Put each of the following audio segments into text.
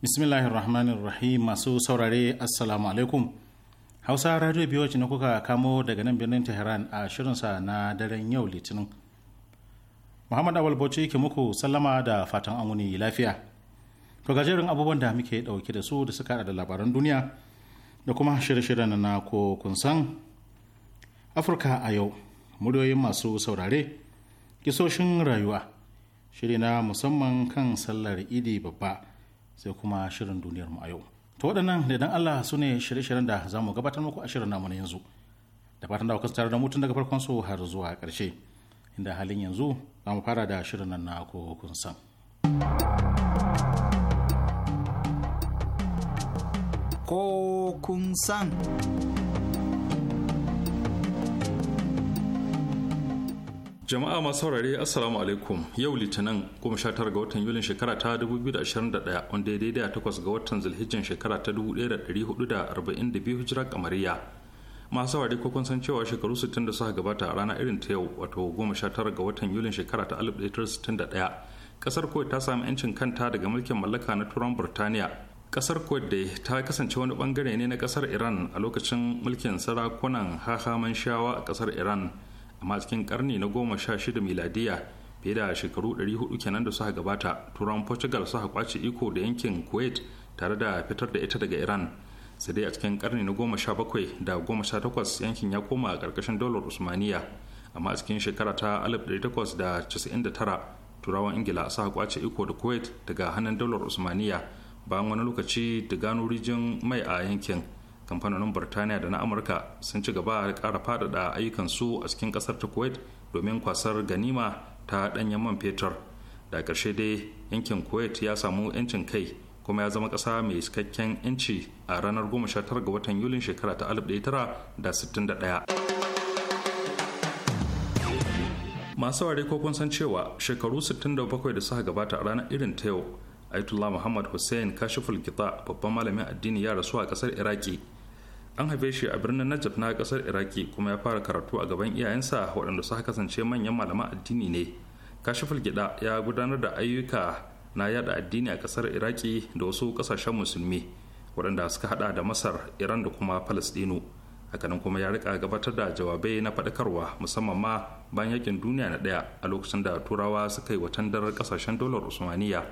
Bismillahirrahmanirrahim masu saurare Assalamu alaikum. Hausa Radio Biyoci na kuka kamo daga nan birnin Tehran a shirinsa na daren yau Litinin. Muhammad Awal Bauchi ke muku sallama da fatan amuni lafiya. To gajeren abubuwan da muke dauke da su da suka da labaran duniya da kuma shirye-shiryen na ko kun san Afirka a yau muryoyin masu saurare kisoshin rayuwa shiri na musamman kan sallar idi babba sai kuma shirin duniyarmu a yau to waɗannan da idan Allah su ne shirye-shiryen da za mu gabatar muku a shirin namu na yanzu da fatan da kuka tare da mutum daga farkon su har zuwa ƙarshe inda halin yanzu za mu fara da shirin nan na ko san ko kun san jama'a masu saurare assalamu alaikum yau litinin goma sha tara ga watan yulin shekara ta 2021 wanda ya daidai a takwas ga watan zulhijjin shekara ta 1442 hijira kamariya masu saurare ko kun san cewa shekaru 60 da suka gabata a rana irin ta yau wato goma sha tara ga watan yulin shekara ta 1961 kasar kuwait ta sami yancin kanta daga mulkin mallaka na turan burtaniya kasar kuwait ta kasance wani bangare ne na kasar iran a lokacin mulkin sarakunan hahaman shawa a kasar iran amma cikin karni na goma sha shida miladiya fiye da shekaru 400 kenan da suka gabata turan portugal suka kwace iko da yankin kuwait tare da fitar da ita daga iran sai dai a cikin karni na goma sha bakwai da goma sha takwas yankin ya koma a ƙarƙashin dolar usmaniya amma a cikin shekara ta 1899 turawan ingila suka kwace iko da kuwait daga hannun dolar usmaniya bayan wani lokaci da gano rijin mai a yankin kamfanonin burtaniya da na amurka sun ci gaba da ƙara faɗaɗa ayyukansu a cikin kasar ta kuwait domin kwasar ganima ta ɗanyen man fetur da ƙarshe dai yankin kuwait ya samu 'yancin kai kuma ya zama ƙasa mai cikakken 'yanci a ranar 19 ga watan yulin shekara ta 1961 masu ware ko kun san cewa shekaru 67 da suka gabata a ranar irin ta yau aitullah muhammad hussein kashiful gita babban malamin addini ya rasu a kasar iraki an haife shi a birnin najaf na kasar iraki kuma ya fara karatu a gaban iyayensa waɗanda suka kasance manyan malaman addini ne kashiful gida ya gudanar da ayyuka na yada addini a kasar iraki da wasu kasashen musulmi waɗanda suka hada da masar iran da kuma palestino hakanan kuma ya rika gabatar da jawabai na faɗakarwa musamman ma bayan yakin duniya na ɗaya a lokacin da turawa suka yi darar kasashen dolar usmaniya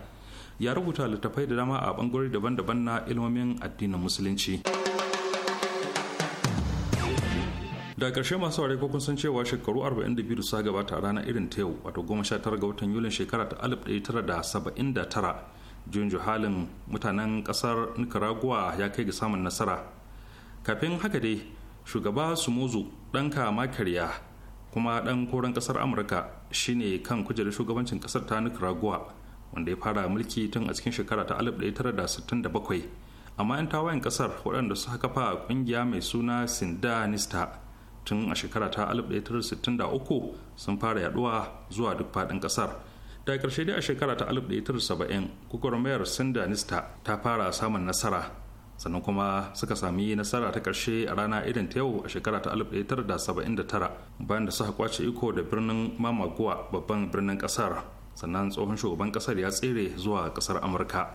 ya rubuta littattafai da dama a bangarori daban-daban na ilmomin addinin musulunci. da karshe masu ware kun san cewa shekaru 42 da suka gabata a ranar irin ta yau wato 19 ga watan yulin shekara ta 1979 juyin halin mutanen kasar nicaragua ya kai ga samun nasara kafin haka dai shugaba sumozu ɗanka makarya kuma ɗan koren ƙasar amurka shine kan kujerar shugabancin kasar ta nicaragua wanda ya fara mulki tun a cikin shekara ta 1967 amma 'yan tawayen kasar waɗanda suka kafa ƙungiya mai suna sindanista tun a shekara ta 1963 sun fara yaduwa zuwa duk faɗin ƙasar da ƙarshe dai a shekara ta 1970 gwagwarmayar sindanista ta fara samun nasara sannan kuma suka sami nasara ta ƙarshe a rana irin ta yau a shekara ta 1979 bayan da suka kwace iko da birnin mamaguwa babban birnin ƙasar sannan tsohon shugaban ƙasar ya tsere zuwa ƙasar amurka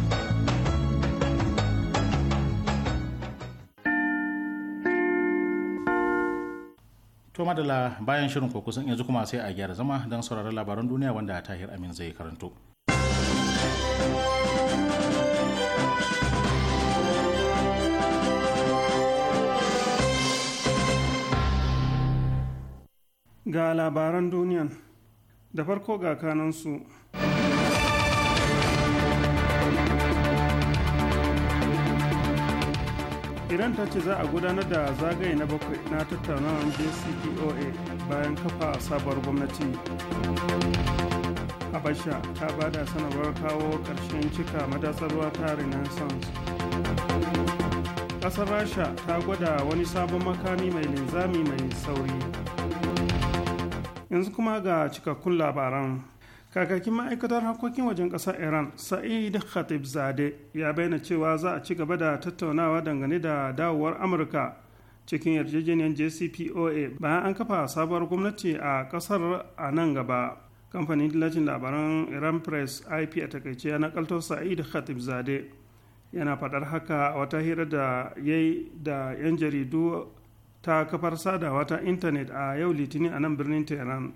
to madala bayan shirin kusan yanzu kuma sai a gyara zama don sauraron labaran duniya wanda tahir amin zai karanto ga labaran duniyan da farko ga kanansu. iran ta ce za a gudanar da zagaye na bakwai na tattaunawar jcpoa bayan kafa sabuwar gwamnati habasha ta ba da sanarwar kawo ƙarshen cika madasar ruwa ta renaissance ƙasar rasha ta gwada wani sabon makami mai linzami mai sauri yanzu kuma ga cikakkun labaran kakakin ma'aikatar harkokin wajen ƙasar iran sa'id khatib zade ya bayyana cewa za a ci gaba da tattaunawa dangane da dawowar amurka cikin yarjejeniyar jcpoa bayan an kafa sabuwar gwamnati a ƙasar a nan gaba kamfanin dillacin labaran iran press ip a takaice ya nakalto sa'id khatib zade yana faɗar haka a wata hira da ya yi da 'yan jaridu ta kafar sadawa ta intanet a yau litinin a nan birnin tehran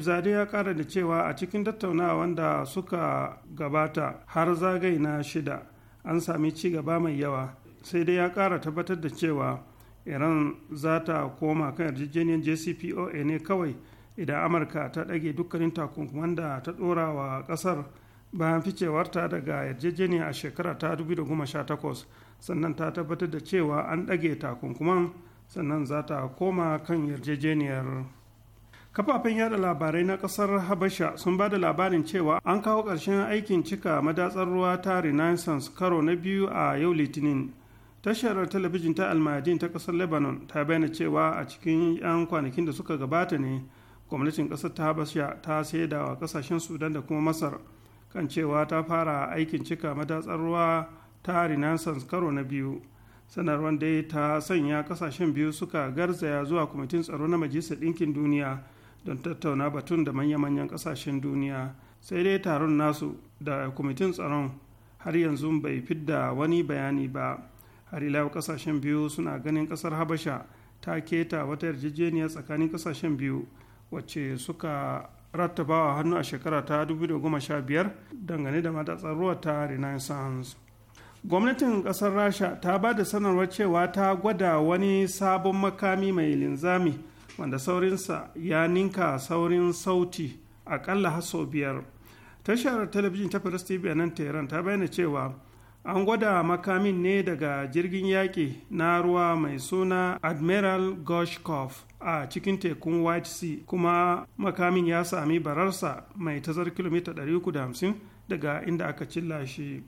Zade ya kara da cewa a cikin tattaunawa wanda suka gabata har zagaye na shida an sami ci gaba mai yawa sai dai ya kara tabbatar da cewa iran za ta koma kan yarjejeniyar jcpoa ne kawai idan amurka ta ɗage dukkanin takunkuman da ta ɗora wa ƙasar bayan ficewarta daga yarjejeniya a shekara ta 2018 sannan ta tabbatar da cewa an ɗage takunkuman sannan za ta koma kan yarjejeniyar kafafen yada labarai na kasar habasha sun ba da labarin cewa an kawo ƙarshen aikin cika madatsar ruwa ta renaissance karo na biyu a yau litinin tashar talabijin ta almadin ta kasar lebanon ta bayyana cewa a cikin 'yan kwanakin da suka gabata ne gwamnatin kasar ta habasha ta saida wa kasashen sudan da kuma masar kan cewa ta fara aikin cika madatsar ruwa ta renaissance karo na biyu sanarwar dai ta sanya kasashen biyu suka garzaya zuwa kwamitin tsaro na majalisar ɗinkin duniya don tattauna batun da manya-manyan kasashen duniya sai dai taron nasu da kwamitin tsaron har yanzu bai fidda wani bayani ba har ila kasashen biyu suna ganin kasar habasha ta keta wata yarjejeniya tsakanin kasashen biyu wacce suka rattabawa hannu a shekara ta 2015 dangane da matatsar ruwa ta renaissance gwamnatin kasar rasha ta ba da sanarwar cewa ta gwada wani sabon makami mai linzami wanda saurinsa ya ninka saurin sauti akalla haso biyar tashar talabijin ta firas tv a nan tehran ta bayyana cewa an gwada makamin ne daga jirgin yaƙi na ruwa mai suna admiral goshkov a cikin tekun white sea kuma makamin ya sami bararsa mai tazar kilomita 350 daga inda aka cilla shi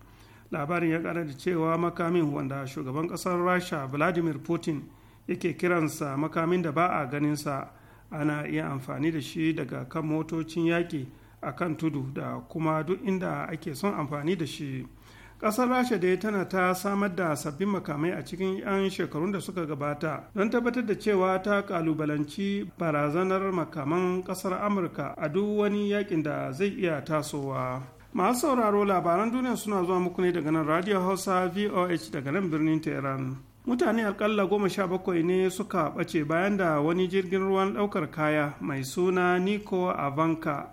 labarin ya kara da cewa makamin wanda shugaban ƙasar rasha vladimir putin yake kiransa makamin da ba a ganinsa ana iya amfani da shi daga kan motocin yaƙi a kan tudu da kuma duk inda ake son amfani da shi ƙasar rasha dai tana ta samar da sabbin makamai a cikin 'yan shekarun da suka gabata don tabbatar da cewa ta kalubalanci barazanar makaman ƙasar amurka a duk wani yakin da zai iya tasowa masu sauraro labaran duniya suna zuwa muku ne daga nan radio hausa voh daga nan birnin tehran mutane akalla goma sha bakwai ne suka ɓace bayan da wani jirgin ruwan ɗaukar kaya mai suna niko avanka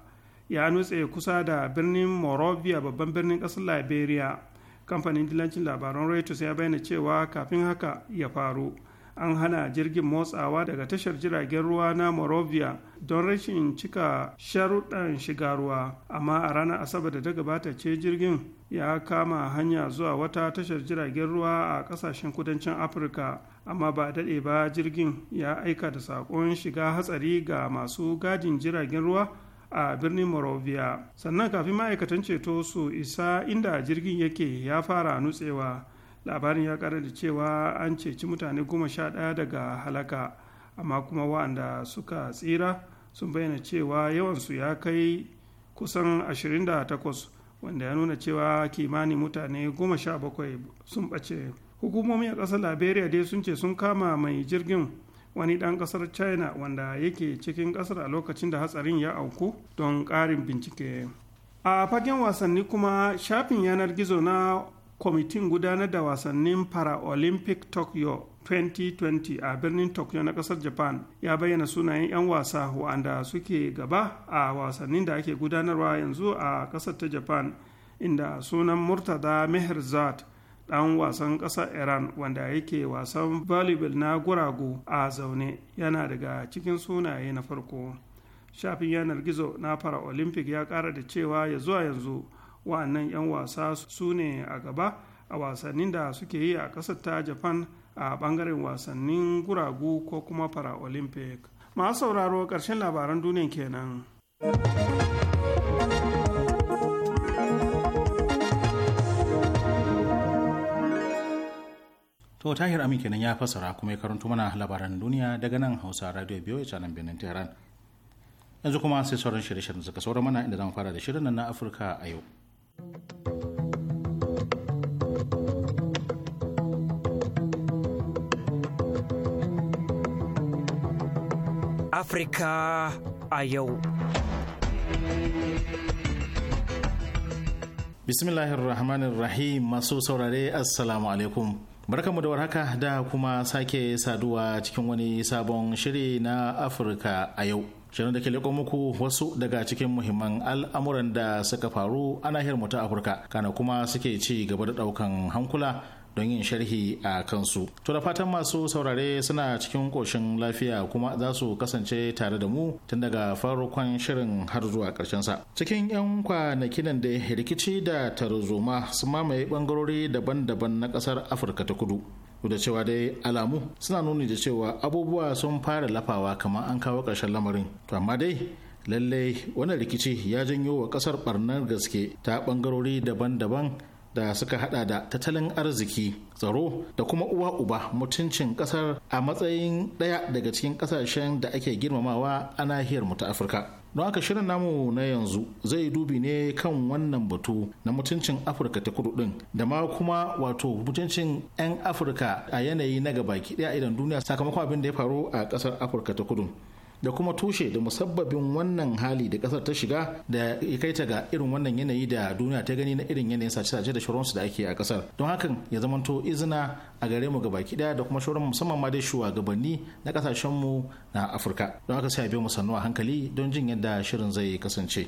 ya nutse kusa da birnin morovia babban birnin ƙasar liberia kamfanin dilancin labaran reuters ya bayyana cewa kafin haka ya faru an hana jirgin motsawa daga tashar jiragen ruwa na morovia don rashin cika sharuɗan shiga ruwa amma a ranar asabar da ta gabata ce jirgin ya kama hanya zuwa wata tashar jiragen ruwa a ƙasashen kudancin afirka amma ba daɗe ba jirgin ya aika da saƙon shiga hatsari ga masu gadin jiragen ruwa a birnin morovia sannan kafin ma'aikatan ceto su isa inda jirgin yake ya fara nutsewa labarin ya kara da cewa an ceci mutane goma sha ɗaya daga halaka amma kuma waɗanda suka tsira sun bayyana cewa yawansu ya kai kusan 28 wanda ya nuna cewa kimanin mutane goma sha bakwai sun bace. Hukumomin a ƙasar liberia dai sun ce sun kama mai jirgin wani ɗan ƙasar china wanda yake cikin ƙasar a lokacin da hatsarin ya auku don ƙarin bincike a fagen wasanni kuma shafin yanar gizo na kwamitin gudanar da wasannin paralympic tokyo 2020 a birnin tokyo na kasar japan ya bayyana sunayen 'yan wasa wa'anda suke gaba a wasannin da ake gudanarwa yanzu a kasar ta japan inda sunan murtada meherzad dan wasan kasar iran wanda yake wasan volleyball na guragu a zaune yana daga cikin sunaye na farko shafin yanar gizo na paralympic ya kara da cewa ya zuwa yanzu wa'annan 'yan wasa su ne a gaba a wasannin da suke yi a kasar ta japan a bangaren wasannin guragu ko kuma para olympic masu sauraro ƙarshen labaran duniya kenan. To Tahir Amin kenan ya fassara kuma ya karanto mana labaran duniya daga nan Hausa Radio biyo ya nan benin Tehran. Yanzu kuma sai sauran shirye-shiryen suka saura mana inda zan fara da shirin na Afirka a yau. Afirka a yau. Bismillahirrahmanirrahim masu saurare Assalamu alaikum. Barkamu da warhaka da kuma sake saduwa cikin wani sabon shiri na Afirka a yau. shirin da ke leko muku wasu daga cikin muhimman al'amuran da suka faru a nahiyar mu ta afirka kana kuma suke ci gaba da daukan hankula don yin sharhi a kansu to da fatan masu saurare suna cikin koshin lafiya kuma za su kasance tare da mu tun daga farkon shirin har zuwa karshen sa cikin yan kwanaki nan da rikici da tarzoma su mamaye bangarori daban-daban na kasar afirka ta kudu da cewa dai alamu suna nuni da cewa abubuwa sun fara lafawa kamar an kawo ƙarshen lamarin to amma dai lallai wannan rikici ya janyo wa ƙasar barnar gaske ta ɓangarori daban-daban da suka hada da tattalin arziki tsaro da kuma uwa uba mutuncin kasar a matsayin ɗaya daga cikin ƙasashen da ake girmamawa a nahiyar mu ta afirka don haka shirin namu na yanzu zai dubi ne kan wannan batu na mutuncin afirka ta kudu din da ma kuma wato mutuncin 'yan afirka a yanayi na gabaki daya idan duniya sakamakon abin da ya faru a kasar afirka ta kudu da kuma tushe da musabbabin wannan hali da kasar ta shiga da ya kai ta ga irin wannan yanayi da duniya ta gani na irin yanayin sace-sace da shauransu da ake a kasar don hakan ya zamanto izina a gare mu baki daya da kuma shauran musamman ma dai shugabanni na kasashen mu na afirka don haka sai a biyo mu sannu a hankali don jin yadda shirin zai kasance.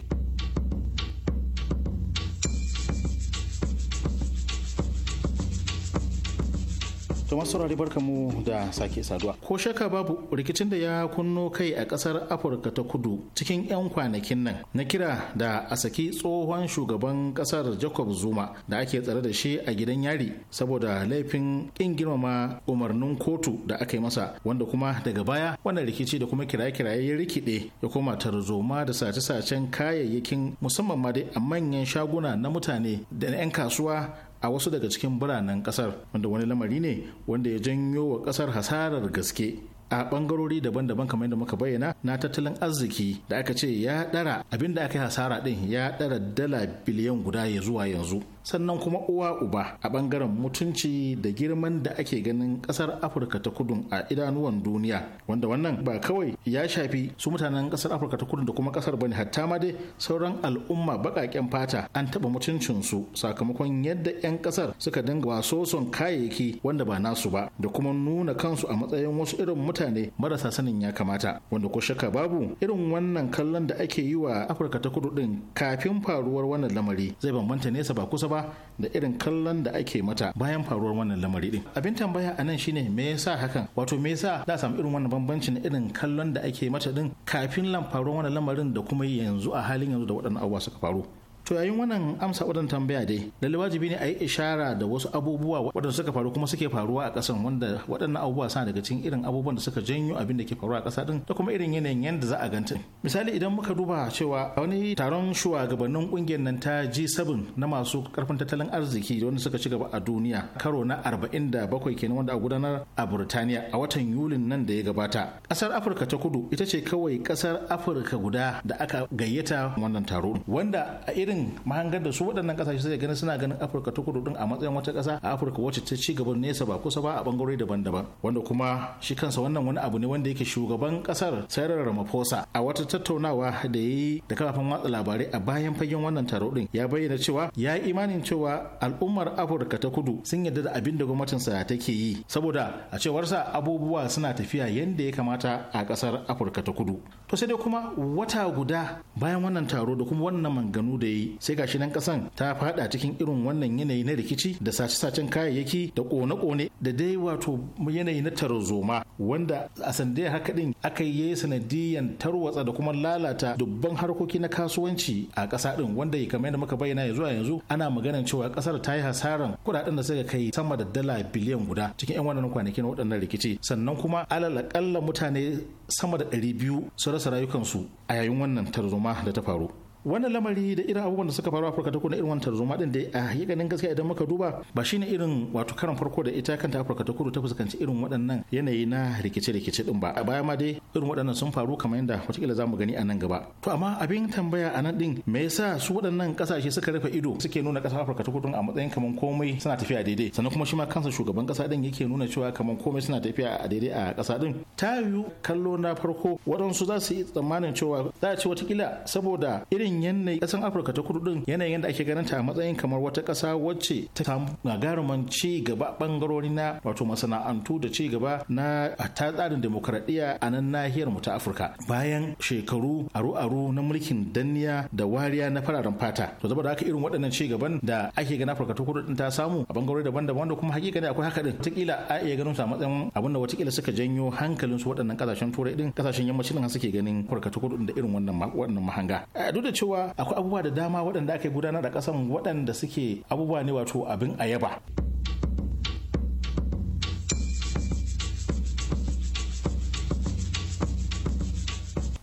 To masu saurari barkamu da sake saduwa. Ko shaka babu rikicin da ya kunno kai a kasar Afirka ta Kudu cikin 'yan kwanakin nan na kira da a saki tsohon shugaban kasar Jacob Zuma da ake tsare da shi a gidan yari saboda laifin kin girmama umarnin kotu da aka yi masa wanda kuma daga baya wannan rikici da kuma kiraye-kiraye ya rikide ya koma tarzoma da sace-sacen kayayyakin musamman ma dai a manyan shaguna na mutane da na 'yan kasuwa a wasu daga cikin biranen kasar wanda wani lamari ne wanda ya janyo wa kasar hasarar gaske a bangarori daban-daban kamar yadda muka bayyana na tattalin arziki da aka ce ya dara abin da aka yi hasara din ya dara dala biliyan guda ya zuwa yanzu sannan kuma uwa uba a bangaren mutunci da girman da ake ganin kasar afirka ta kudu a idanuwan duniya wanda wannan ba kawai ya shafi su mutanen kasar afirka ta kudu da kuma kasar bane hatta ma dai sauran al'umma baƙaƙen fata an taɓa mutuncinsu sakamakon yadda 'yan kasar suka dinga waso son kayayyaki wanda ba nasu ba da kuma nuna kansu a matsayin wasu irin mutane marasa sanin ya kamata wanda ko shaka babu irin wannan kallon da ake yi wa afirka ta kudu din kafin faruwar wannan lamari zai bambanta nesa ba kusa ba da irin kallon da ake mata bayan faruwar wannan lamari din abin tambaya a nan shine me yasa hakan wato me yasa za samu irin wannan na irin kallon da ake mata din kafin lan faruwar wannan lamarin da kuma yanzu a halin yanzu da waɗannan abubuwa suka faru to yayin wannan amsa wadan tambaya dai lalle wajibi ne a yi ishara da wasu abubuwa wadanda suka faru kuma suke faruwa a ƙasan wanda waɗannan abubuwa suna daga cikin irin abubuwan da suka janyo abin da ke faruwa a ƙasa din da kuma irin yanayin yadda za a ganta misali idan muka duba cewa a wani taron shugabannin kungiyar nan ta G7 na masu karfin tattalin arziki da wanda suka ci gaba a duniya karo na 47 kenan wanda a gudanar a Burtaniya a watan Yulin nan da ya gabata kasar Afirka ta Kudu ita ce kawai kasar Afirka guda da aka gayyata wannan taro wanda a irin mahangar da su waɗannan ƙasashe suke ganin suna ganin afirka ta kudu din a matsayin wata ƙasa a afirka wacce ta ci gaban nesa ba kusa ba a bangarori daban-daban wanda kuma shi kansa wannan wani abu ne wanda yake shugaban ƙasar sarar ramaphosa a wata tattaunawa da ya yi da kafafen watsa labarai a bayan fagen wannan taro din ya bayyana cewa ya yi imanin cewa al'ummar afirka ta kudu sun yarda da abin da gwamnatinsa take yi saboda a cewarsa abubuwa suna tafiya yadda ya kamata a ƙasar afirka ta kudu to sai dai kuma wata guda bayan wannan taro da kuma wannan manganu da ya yi sai gashi nan kasan ta fada cikin irin wannan yanayi na rikici da sace-sacen kayayyaki da kone-kone da dai wato yanayi na tarzoma wanda a sandiyar haka din aka yi sanadiyan tarwatsa da kuma lalata dubban harkoki na kasuwanci a ƙasa din wanda kamar yadda muka bayyana yanzu zuwa yanzu ana magana cewa kasar ta yi hasaran kudaden da suka kai sama da dala biliyan guda cikin 'yan wannan kwanaki na waɗannan rikici sannan kuma alal kalla mutane sama da 200 su rasa rayukansu a yayin wannan tarzoma da ta faru wannan lamari da irin abubuwan da suka faru a afirka ta kudu irin wannan tarzoma din da a hakikanin gaskiya idan muka duba ba shine irin wato karan farko da ita kanta afirka ta kudu ta fuskanci irin waɗannan yanayi na rikice-rikice din ba a baya ma dai irin waɗannan sun faru kamar yadda watakila za mu gani a nan gaba to amma abin tambaya a nan din me yasa su waɗannan ƙasashe suka rufe ido suke nuna ƙasar afirka ta kudu a matsayin kamar komai suna tafiya daidai sannan kuma shi ma kansa shugaban ƙasa din yake nuna cewa kamar komai suna tafiya a daidai a ƙasa din ta yiwu kallo na farko waɗansu za su yi tsammanin cewa za a ce watakila saboda irin irin yanayi kasan afirka ta kudu din yanayin yadda ake ganin ta a matsayin kamar wata kasa wacce ta samu gagaruman ci gaba bangarori na wato masana'antu da ci gaba na ta tsarin demokradiyya a nan nahiyar mu ta afirka bayan shekaru aru-aru na mulkin danniya da wariya na fararen fata to saboda haka irin waɗannan ci gaban da ake ganin afirka ta kudu din ta samu a bangarori daban-daban wanda kuma hakika ne akwai haka din watakila a iya ganin su a matsayin abinda watakila suka janyo hankalin su waɗannan kasashen turai din kasashen yammacin nan suke ganin afirka ta kudu da irin wannan mahanga duk da cewa akwai abubuwa da dama waɗanda ake gudanar da ƙasan waɗanda suke abubuwa ne wato abin ayaba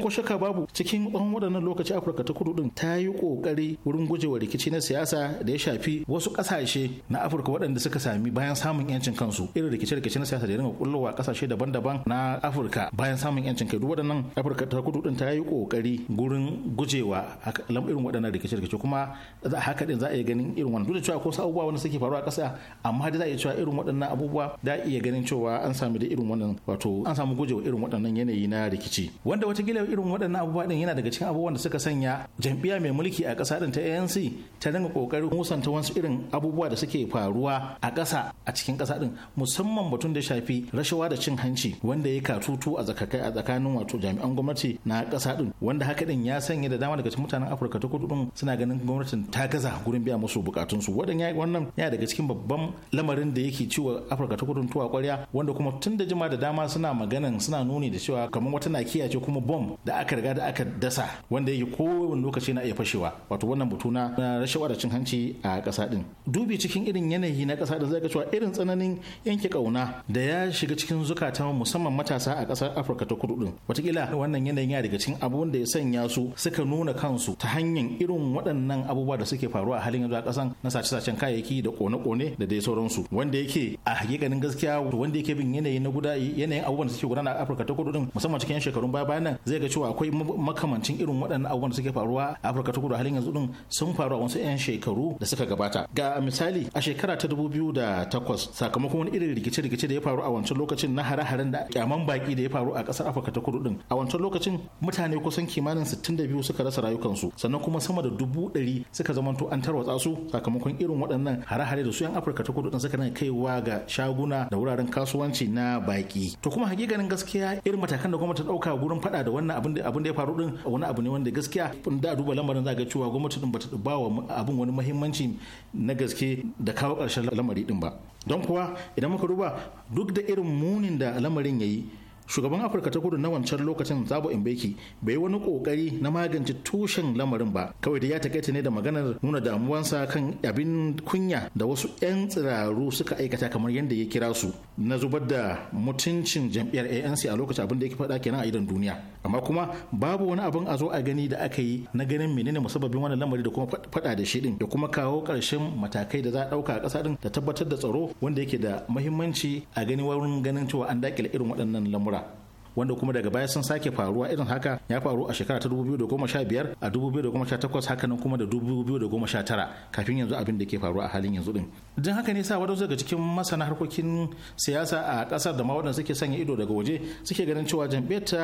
ko shaka babu cikin tsawon waɗannan lokaci afirka ta kudu ɗin ta yi ƙoƙari wurin gujewa rikici na siyasa da ya shafi wasu ƙasashe na afirka waɗanda suka sami bayan samun yancin kansu irin rikice-rikice na siyasa da ya dinga kullowa ƙasashe daban-daban na afirka bayan samun yancin kai duk waɗannan afirka ta kudu ɗin ta yi ƙoƙari gurin gujewa irin waɗannan rikice-rikice kuma haka ɗin za a iya ganin irin wannan duk da cewa ko abubuwa wanda suke faruwa a ƙasa amma da za a iya cewa irin waɗannan abubuwa da iya ganin cewa an sami da irin wannan wato an samu gujewa irin waɗannan yanayi na rikici wanda watakila irin waɗannan abubuwa ɗin yana daga cikin abubuwan da suka sanya jam'iyya mai mulki a ƙasa din ta ANC ta dinga kokarin musanta wasu irin abubuwa da suke faruwa a ƙasa a cikin ƙasa din musamman batun da shafi rashawa da cin hanci wanda ya katutu a tsakanin wato jami'an gwamnati na ƙasa din wanda haka din ya sanya da dama daga cikin mutanen Afirka ta kudu ɗin suna ganin gwamnatin ta gaza gurin biya musu bukatunsu wannan ya daga cikin babban lamarin da yake ciwo Afirka ta kudu tuwa kwarya wanda kuma tun da jima da dama suna maganan suna nuni da cewa kamar wata nakiya ce kuma bom da aka riga da aka dasa wanda yake kowane lokaci na iya fashewa wato wannan batu na rashawa da cin hanci a ƙasa din dubi cikin irin yanayi na ƙasa din zai ga cewa irin tsananin yanke kauna da ya shiga cikin zukata musamman matasa a ƙasar Afirka ta kudu din watakila wannan yanayin ya daga cikin abubuwan da ya sanya su suka nuna kansu ta hanyar irin waɗannan abubuwa da suke faruwa a halin yanzu a ƙasan na sace-sacen kayayyaki da kone-kone da dai sauransu wanda yake a hakikanin gaskiya wanda yake bin yanayi na guda yanayin abubuwan da suke gudana a Afirka ta kudu din musamman cikin shekarun baya nan zai ga da cewa akwai makamancin irin waɗannan abubuwan da suke faruwa a Afirka ta Kudu halin yanzu din sun faru a wasu 'yan shekaru da suka gabata. Ga misali a shekara ta takwas sakamakon wani irin rikice-rikice da ya faru a wancan lokacin na hare-haren da kyaman baki da ya faru a ƙasar Afirka ta Kudu din. A wancan lokacin mutane kusan kimanin biyu suka rasa rayukansu sannan kuma sama da dubu ɗari suka zamanto an tarwatsa su sakamakon irin waɗannan hare-hare da su 'yan Afirka ta Kudu din suka nan kaiwa ga shaguna da wuraren kasuwanci na baki. To kuma hakikanin gaskiya irin matakan da gwamnati ta ɗauka gurin faɗa da wannan abin da ya faru din wani abu ne wanda gaskiya in da duba lamarin za ga cewa gwamnati din bata ba wa abin wani muhimmanci na gaske da kawo karshen lamari din ba don kuwa idan muka duba duk da irin munin da lamarin yayi shugaban afirka ta kudu na wancan lokacin zabo mbeki bai yi wani kokari na magance tushen lamarin ba kawai da ya takaita ne da maganar nuna damuwansa kan abin kunya da wasu 'yan tsiraru suka aikata kamar yadda ya kira su na zubar da mutuncin jam'iyyar anc a lokacin abin da ya faɗa kenan a idan duniya amma kuma babu wani abin a zo a gani da aka yi na ganin menene musabbabin wannan lamari da kuma faɗa da shi din da kuma kawo ƙarshen matakai da za a ɗauka a ƙasa din da tabbatar da tsaro wanda yake da muhimmanci a gani wurin ganin cewa an daƙile irin waɗannan lamura wanda kuma daga baya sun sake faruwa irin haka ya faru a shekara ta 2015 a 2018 hakanan kuma da 2019 kafin yanzu abin da ke faruwa a halin yanzu din don haka ne sa wadansu daga cikin masana harkokin siyasa a kasar da ma waɗanda suke sanya ido daga waje suke ganin cewa jam'iyyar ta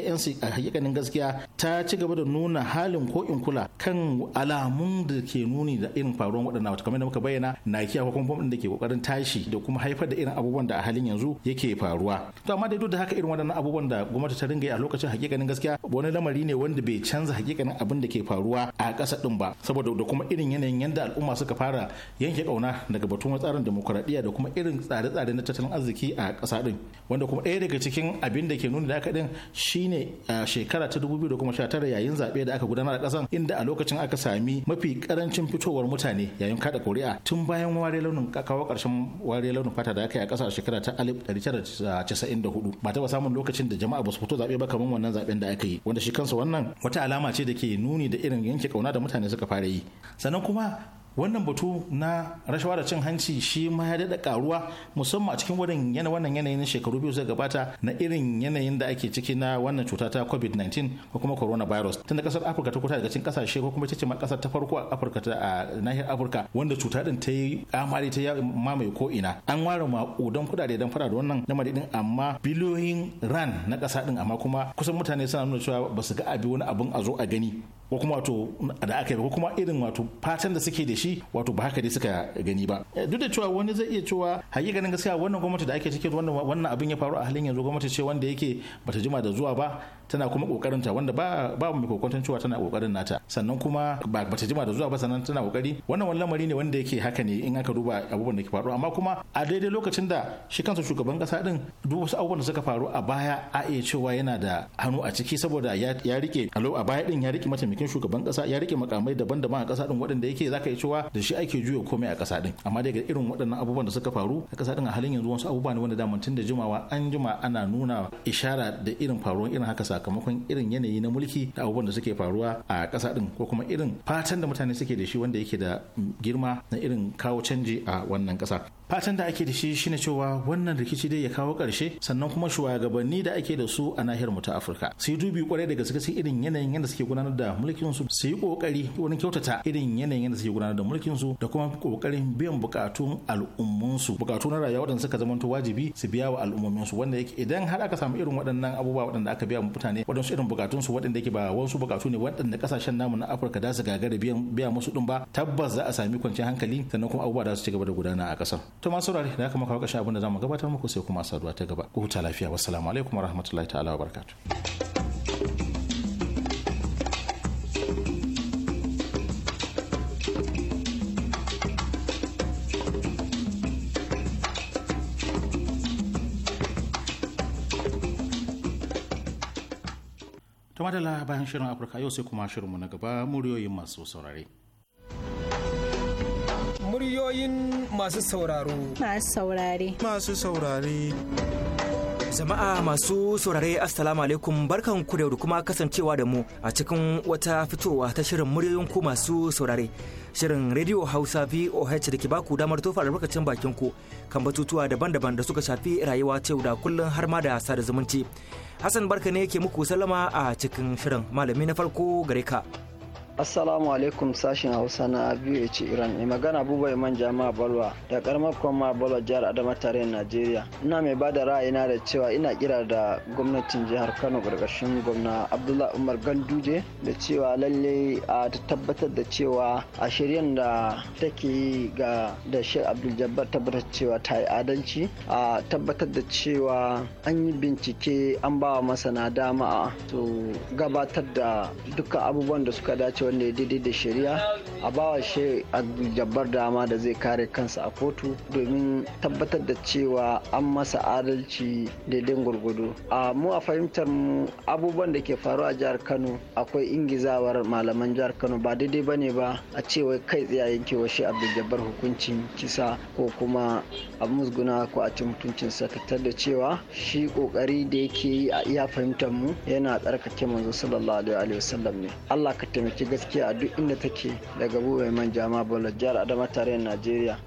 anc a hakikanin gaskiya ta ci gaba da nuna halin ko in kula kan alamun da ke nuni da irin faruwar waɗannan wata kamar da muka bayyana na kiya ko kuma da ke kokarin tashi da kuma haifar da irin abubuwan da a halin yanzu yake faruwa to amma dai duk da haka irin waɗannan abubuwan da gwamnati ta ringa yi a lokacin hakikanin gaskiya wani lamari ne wanda bai canza hakikanin abin da ke faruwa a ƙasa din ba saboda da kuma irin yanayin yadda al'umma suka fara yanke kauna daga batun tsarin demokuraɗiyya da kuma irin tsare-tsare na tattalin arziki a ƙasa din wanda kuma ɗaya daga cikin abin da ke nuni da haka din shi shine a shekara ta 2019 yayin zaɓe da aka gudanar a ƙasar inda a lokacin aka sami mafi karancin fitowar mutane yayin kada kuri'a tun bayan ware launin kawo ƙarshen ware launin fata da aka yi a ƙasa a shekara ta 1994 ba taɓa samun lokacin da jama'a ba su fito zaɓe ba kamar wannan zaɓen da aka yi wanda shi kansa wannan wata alama ce da ke nuni da irin yanke kauna da mutane suka fara yi sannan kuma wannan batu na rashawa da cin hanci shi ma ya daɗa karuwa musamman a cikin wannan yana wannan yanayin na shekaru biyu zai gabata na irin yanayin da ake ciki na wannan cuta ta covid-19 ko kuma coronavirus tun da kasar afirka ta kuta daga cikin kasashe ko kuma ce kasar ta farko a afirka ta a nahiyar afirka wanda cuta din ta yi kamari ta mamaye ko ina an ware maƙudan kudade don fara da wannan lamari din amma biliyoyin ran na kasa din amma kuma kusan mutane suna nuna cewa ba su ga abi wani abun a zo a gani ko kuma wato da aka yi ko kuma irin wato fatan da suke da shi wato ba haka dai suka gani ba eh, duk da cewa wani zai iya cewa hakikanin gaskiya wannan gwamnati da ake cike wannan abin ya faru a halin yanzu gwamnati ce wanda yake bata jima da zuwa ba tana kuma kokarin ta wanda ba ba mai kokonton cewa tana kokarin nata sannan kuma ba ta jima da zuwa ba sannan tana kokari wannan wani lamari ne wanda yake haka ne in aka duba abubuwan da ke faru amma kuma a daidai lokacin da shi kansa shugaban kasa din duk wasu abubuwan da suka faru a baya a iya cewa yana da hannu a ciki saboda ya rike a baya din ya rike mataimakin shugaban kasa ya rike makamai daban-daban a kasa din waɗanda yake zaka iya cewa da shi ake juya komai a kasa din amma daga irin waɗannan abubuwan da suka faru a kasa din a halin yanzu wasu abubuwa ne wanda da da jimawa an jima ana nuna ishara da irin faruwar irin haka sakamakon irin yanayi na mulki da abubuwan da suke faruwa a ƙasa din ko kuma irin fatan da mutane suke da shi wanda yake da girma na irin kawo canji a wannan ƙasa fatan da ake da shi shine cewa wannan rikici dai ya kawo karshe sannan kuma shugabanni da ake da su a nahiyar mu ta afirka su yi dubi kwarai da gaske sai irin yanayin yadda suke gudanar da mulkin su su yi kokari wurin kyautata irin yanayin yadda suke gudanar da mulkin su da kuma kokarin biyan bukatun al'ummun su bukatu na rayuwa waɗanda suka zamanto wajibi su biya wa al'ummomin su wanda yake idan har aka samu irin waɗannan abubuwa waɗanda aka biya mutane waɗansu irin bukatun su waɗanda yake ba wasu bukatu ne waɗanda kasashen namu na afirka da su gagara biya musu ɗin ba tabbas za a sami kwanciyar hankali sannan kuma abubuwa da su ci gaba da gudana a ƙasar to masu saurare da aka maka kashe abin da zamu gabatar muku sai kuma saduwa ta gaba ku huta lafiya wassalamu alaikum warahmatullahi ta'ala wabarakatuh to da bayan shirin afirka yau sai kuma shirinmu na gaba muryoyin masu saurare muryoyin masu sauraro. Masu saurare. Masu saurare. Jama'a masu saurare Assalamu alaikum barkan ku da kuma kasancewa da mu a cikin wata fitowa ta shirin muryoyin ku masu saurare. Shirin Radio Hausa VOH da ke baku damar tofa albarkacin bakin ku kan batutuwa daban-daban da suka shafi rayuwa ce da kullum har ma da sada zumunci. Hassan barka ne ke muku sallama a cikin shirin malami na farko gare ka. Assalamu alaikum sashen Hausa na BH Iran. Mai magana Abubuwa Iman Jama'a Balwa da karamar kwamma Balwa jihar Adama tarayyar Najeriya. Ina mai ba da ra'ayina da cewa ina kira da gwamnatin jihar Kano ƙarƙashin gwamna Abdullah Umar Ganduje da cewa lalle a tabbatar da cewa a shiryen da take yi ga da Sheikh Abdul Jabbar tabbatar cewa ta yi adalci a tabbatar da cewa an yi bincike an ba wa masana dama to gabatar da dukkan abubuwan da suka dace hukunci wanda ya daidai da shari'a a bawa shi jabbar dama da zai kare kansa a kotu domin tabbatar da cewa an masa adalci daidai gwargwado a mu a fahimtar mu abubuwan da ke faru a jihar kano akwai ingizawar malaman jihar kano ba daidai bane ba a cewa kai tsaye yankewa shi abdul jabbar hukuncin kisa ko kuma a musguna ko a ci mutuncin sakatar da cewa shi kokari da yake yi a iya fahimtar mu yana tsarkake manzo sallallahu alaihi wasallam ne Allah ka taimaki gaskiya a duk inda take daga buwai manja ma bola jihar adama tarayyar najeriya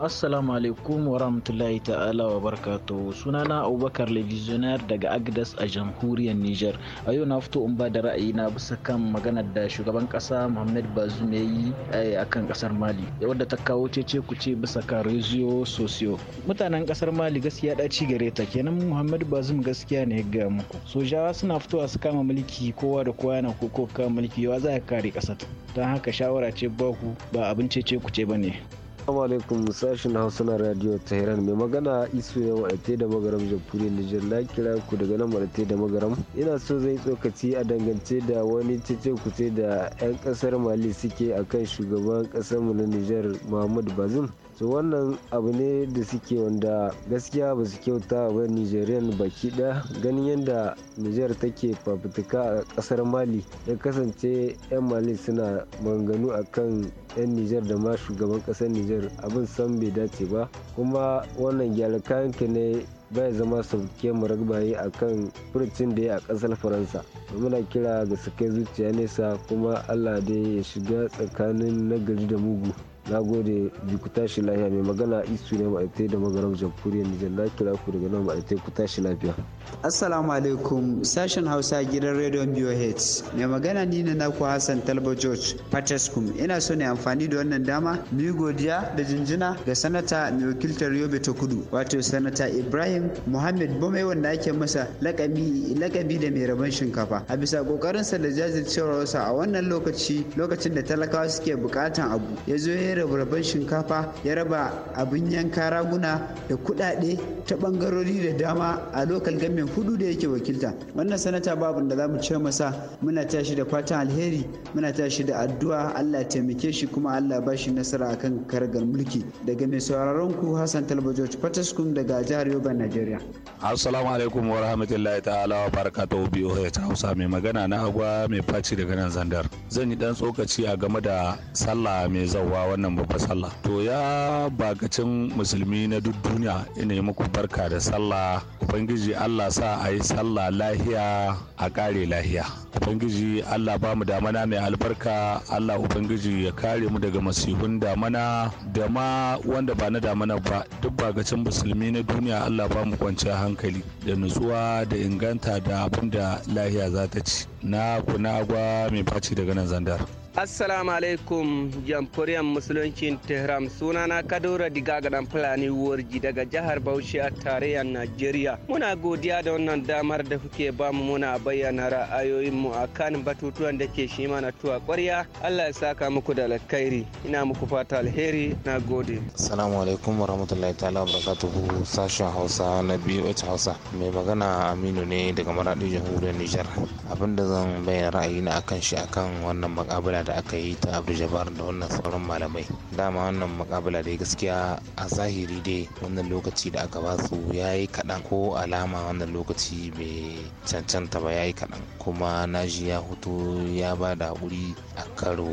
Assalamu alaikum wa rahmatullahi ta'ala wa barkato sunana Abubakar Legionnaire daga Agdas a jamhuriyar Niger. A yau na fito in ba da ra'ayi na bisa kan maganar da shugaban kasa Muhammad Bazoum ya yi eh, a kan kasar Mali. Wadda ta kawo cece ku ce bisa kan Rezio Socio. Mutanen kasar Mali gaskiya da ci gare ta kenan Muhammad Bazoum gaskiya ne ga muku. Sojawa suna fitowa su kama mulki kowa da kowa yana koko kama mulki yawa za ka kare kasar. Don haka shawara ce ba ku ba abin cece ku ce bane. Assalamu alaikum sashen Hausa na Radio Tehran mai magana isu na wadatai da magaram jamhuri Nijar na kira ku daga nan wadatai da magaram. Ina so zai tsokaci a dangance da wani cece kuce da 'yan kasar Mali suke akan shugaban kasar mu na Nijar mahmud Bazum. su wannan abu ne da suke wanda gaskiya ba su kyauta ba nigerian baki ɗaya ganin yadda niger take fafutuka a ƙasar mali ya kasance 'yan mali suna maganganu kan 'yan niger da ma shugaban kasar niger abin san bai dace ba kuma wannan gyara kayan ne bai zama sauke muragbaye a kan furcin da ya a ƙasar faransa muna kira ga su kai zuciya nesa kuma allah dai ya shiga tsakanin nagari da mugu na gode ku tashi lafiya mai magana isu ne ma'aikatai da magaram jamhuriyar nijar na kira ku daga nan ma'aikatai ku tashi lafiya assalamu alaikum sashen hausa gidan rediyon bioheads mai magana ni ne naku hassan talba george patescum ina so ne amfani da wannan dama mu godiya da jinjina ga sanata mai wakiltar yobe ta kudu wato sanata ibrahim muhammad bome wanda ake masa lakabi lakabi da mai rabon shinkafa a bisa kokarinsa da jajircewar wasa a wannan lokaci lokacin da talakawa suke bukatan abu ya zo ya sai rabe shinkafa ya raba abin yanka raguna da kuɗaɗe ta ɓangarori da dama a lokal gamin hudu da yake wakilta wannan sanata babu da za mu ce masa muna tashi da fatan alheri muna tashi da addu'a allah taimake shi kuma allah ba shi nasara akan karagar mulki daga mai sauraron ku hassan talba george fataskum daga jihar yoba nigeria assalamu alaikum wa rahmatullahi ta'ala wa barakatuhu biyu hausa mai magana na agwa mai faci daga nan zandar zan yi dan tsokaci a game da sallah mai zawa wannan babbar sallah to ya bagacin musulmi na duk duniya ina yi muku barka da sallah ubangiji allah sa a yi sallah lahiya a kare lahiya ubangiji allah ba mu damana mai albarka allah ubangiji ya kare mu daga masihun damana da ma wanda ba na damana ba duk bagacin musulmi na duniya allah ba mu kwanciyar hankali da nutsuwa da inganta da abin lahiya za ta ci na kuna agwa mai baci daga nan zandar Assalamu alaikum jamhuriyar musuluncin Tehran sunana Kadura Diga gadan Fulani Warji daga jihar Bauchi a tarayyar Najeriya. Muna godiya da wannan damar da kuke bamu muna bayyana ra'ayoyinmu a kan batutuwan da ke shi mana tuwa kwarya Allah ya saka muku da alkhairi. Ina muku fata alheri na gode. Assalamu alaikum wa rahmatullahi ta'ala barakatuhu sashen Hausa na biyu BOH Hausa. Mai magana Aminu ne daga maradin jamhuriyar Nijar. Abinda zan bayyana ra'ayina akan shi akan wannan makabula da aka yi ta abuja jabar da wannan sauran malamai dama wannan mukabala dai gaskiya a zahiri dai wannan lokaci da aka ba su ya yi kaɗan ko alama wannan lokaci bai cancanta ba ya yi kaɗan kuma na ji ya hoto ya ba da haƙuri a karo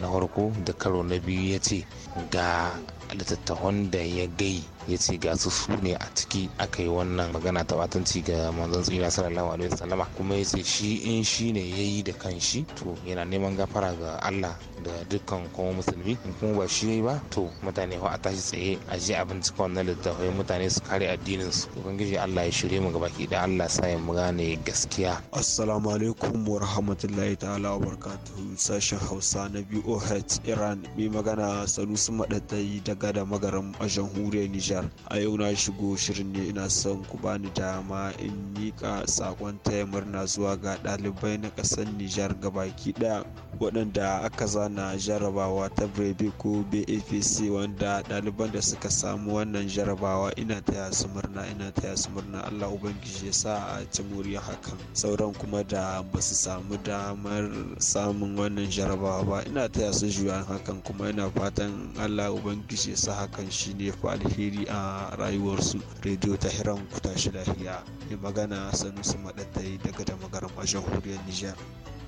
na farko da karo na biyu ya ce ga littattafan da ya gai ya ce ga su su ne a ciki aka yi wannan magana ta batanci ga manzon tsira sallallahu alaihi wasallama kuma ya ce shi in shi ne ya yi da kanshi to yana neman gafara ga Allah da dukkan kuma musulmi in kuma ba shi ba to mutane a tashi tsaye a je a bincika wannan littafai mutane su kare addinin su ubangiji Allah ya shirye mu gabaki da Allah sa ya mu gane gaskiya assalamu alaikum wa rahmatullahi ta'ala wa barakatuhu sashen Hausa na BOH Iran mai magana Sanusi Madatai daga da magaran a jamhuriyar Nijar A yau na shigo shirin ne ina son ku bani dama in miƙa sakon taya murna zuwa ga ɗalibai na ƙasar Nijar gabaki ɗaya waɗanda aka zana jarabawa ta Brebe ko BAPC wanda ɗaliban da suka samu wannan jarabawa ina taya su murna ina taya su murna Allah Ubangiji ya sa a jamhuriyar hakan. Sauran kuma da basu su samu damar samun wannan jarabawa ba ina taya su juyan hakan kuma ina fatan Allah Ubangiji ya sa hakan shine fa alheri a rayuwarsu rediyo ta hiran ku tashi lafiya mai magana sanusi maɗatai daga damagaram a jamhuriyar nijar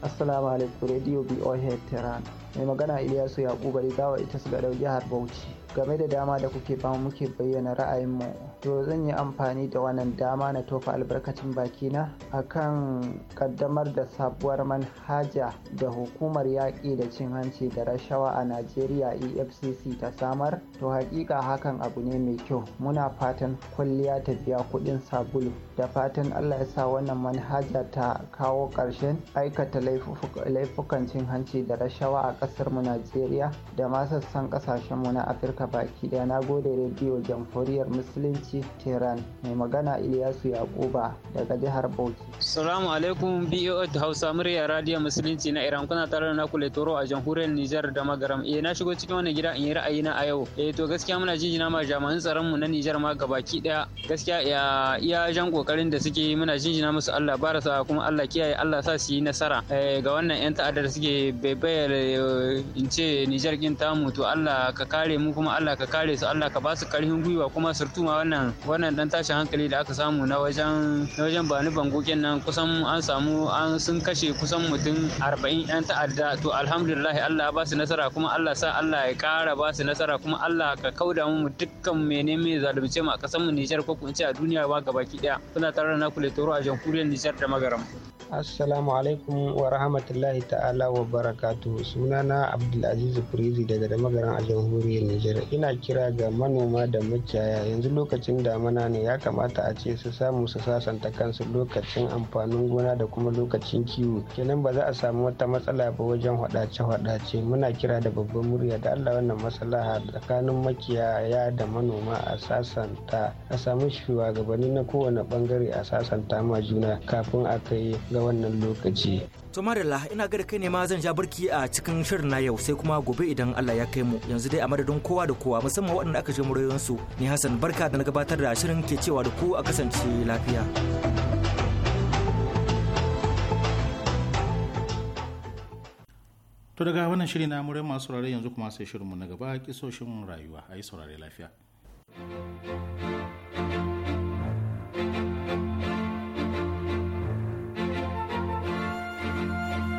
assalamu alaikum radio boh tehran mai magana iliyasu yakubu rigawa ita su ga jihar bauchi game da dama da kuke ba muke bayyana ra'ayinmu to zan yi amfani da wannan dama na tofa albarkacin baki bakina akan kaddamar da sabuwar manhaja da hukumar yaƙi da cin hanci da rashawa a najeriya efcc ta samar to hakika hakan abu ne mai kyau muna fatan kwalliya ta biya kuɗin sabulu da fatan allah ya sa wannan manhaja ta kawo ƙarshen aikata laifukan cin hanci da rashawa a ƙasarmu najeriya da ma sassan ƙasashenmu na afirka baki daya na gode rediyo jamhuriyar musulunci tehran mai magana ilyasu yakuba daga jihar bauchi salamu alaikum da hausa murya radiyon musulunci na iran kuna tare da naku Toro a jamhuriyar nijar da magaram eh na shigo cikin wani gida in yi ra'ayi na a yau eh to gaskiya muna jinjina ma jami'an tsaron mu na nijar ma gabaki daya gaskiya ya iya jan kokarin da suke muna jinjina musu Allah barasa kuma Allah kiyaye Allah sa su yi nasara eh, ga wannan yan ta'adda da suke bayar eh, in ce nijar kin tamu to Allah ka kare mu kuma kuma Allah ka kare su Allah ka ba su karfin gwiwa kuma surtuma wannan wannan dan tashin hankali da aka samu na wajen na wajen bani bangoken nan kusan an samu an sun kashe kusan mutum 40 yan ta'adda to alhamdulillah Allah ba su nasara kuma Allah sa Allah ya kara ba su nasara kuma Allah ka kauda mu dukkan mene mai zalunce mu a kasar mu Nijar ko kun ce a duniya ba gabaki daya kuna tare na kule a jamhuriyar Nijar da Magaram Assalamu alaikum wa rahmatullahi ta'ala wa barakatu sunana Abdulaziz Firizi daga da magaran a jamhuriyar Nijar ina kira ga manoma da makiyaya yanzu lokacin damana ne ya kamata a ce su samu su sasanta kansu lokacin amfanin gona da kuma lokacin kiwo kenan ba za a samu wata matsala ba wajen hwadace hwadace muna kira da babban murya da Allah wannan maslaha tsakanin makiyaya da manoma a sasanta a samu shugabanni na kowane bangare a sasanta ma juna kafin a kai na wannan lokaci. To ina ga da kai ne ma zan ja barki a cikin shirin na yau sai kuma gobe idan Allah ya kai mu yanzu dai a madadin kowa da kowa musamman waɗanda aka je murayensu ni Hassan barka da na gabatar da shirin ke cewa da ku a kasance lafiya. To daga wannan shiri na murai masu saurare yanzu kuma sai shirinmu na gaba kisoshin rayuwa ayi yi saurare lafiya. thank you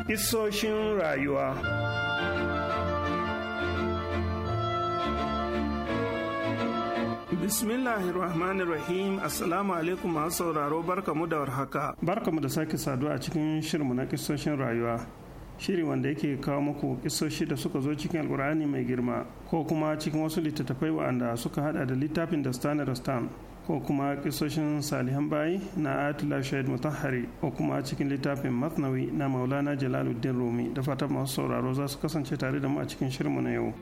Isoshin rayuwa. Bismillahir Rahmanir Rahim Assalamu alaikum masu sauraro barkamu da warhaka. Barkamu da sake saduwa a cikin shirmu na kisoshin rayuwa. Shiri wanda yake kawo muku kisoshi da suka zo cikin alkur'ani mai girma ko kuma cikin wasu littattafai wa'anda suka hada da littafin da Stan ko kuma kisoshin salihan bayi na atila shahid mutahari ko kuma cikin littafin matnawi na maulana jalaluddin rumi da fatan masu sauraro za su kasance tare da mu a cikin shirmu na yau.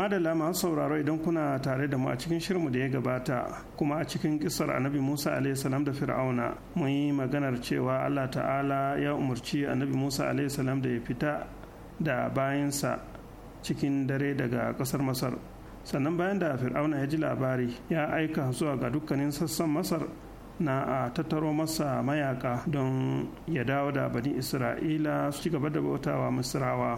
madalla masu sauraro idan kuna tare da mu a cikin shirmu da ya gabata kuma a cikin kisar annabi musa salam da fir'auna mun yi maganar cewa allah ta'ala ya umarci annabi musa salam da ya fita da bayansa cikin dare daga kasar masar sannan bayan da fir'auna ya ji labari ya aika zuwa ga dukkanin sassan masar na a tattaro masa mayaka don ya dawo da bani isra'ila su ci gaba da bautawa misrawa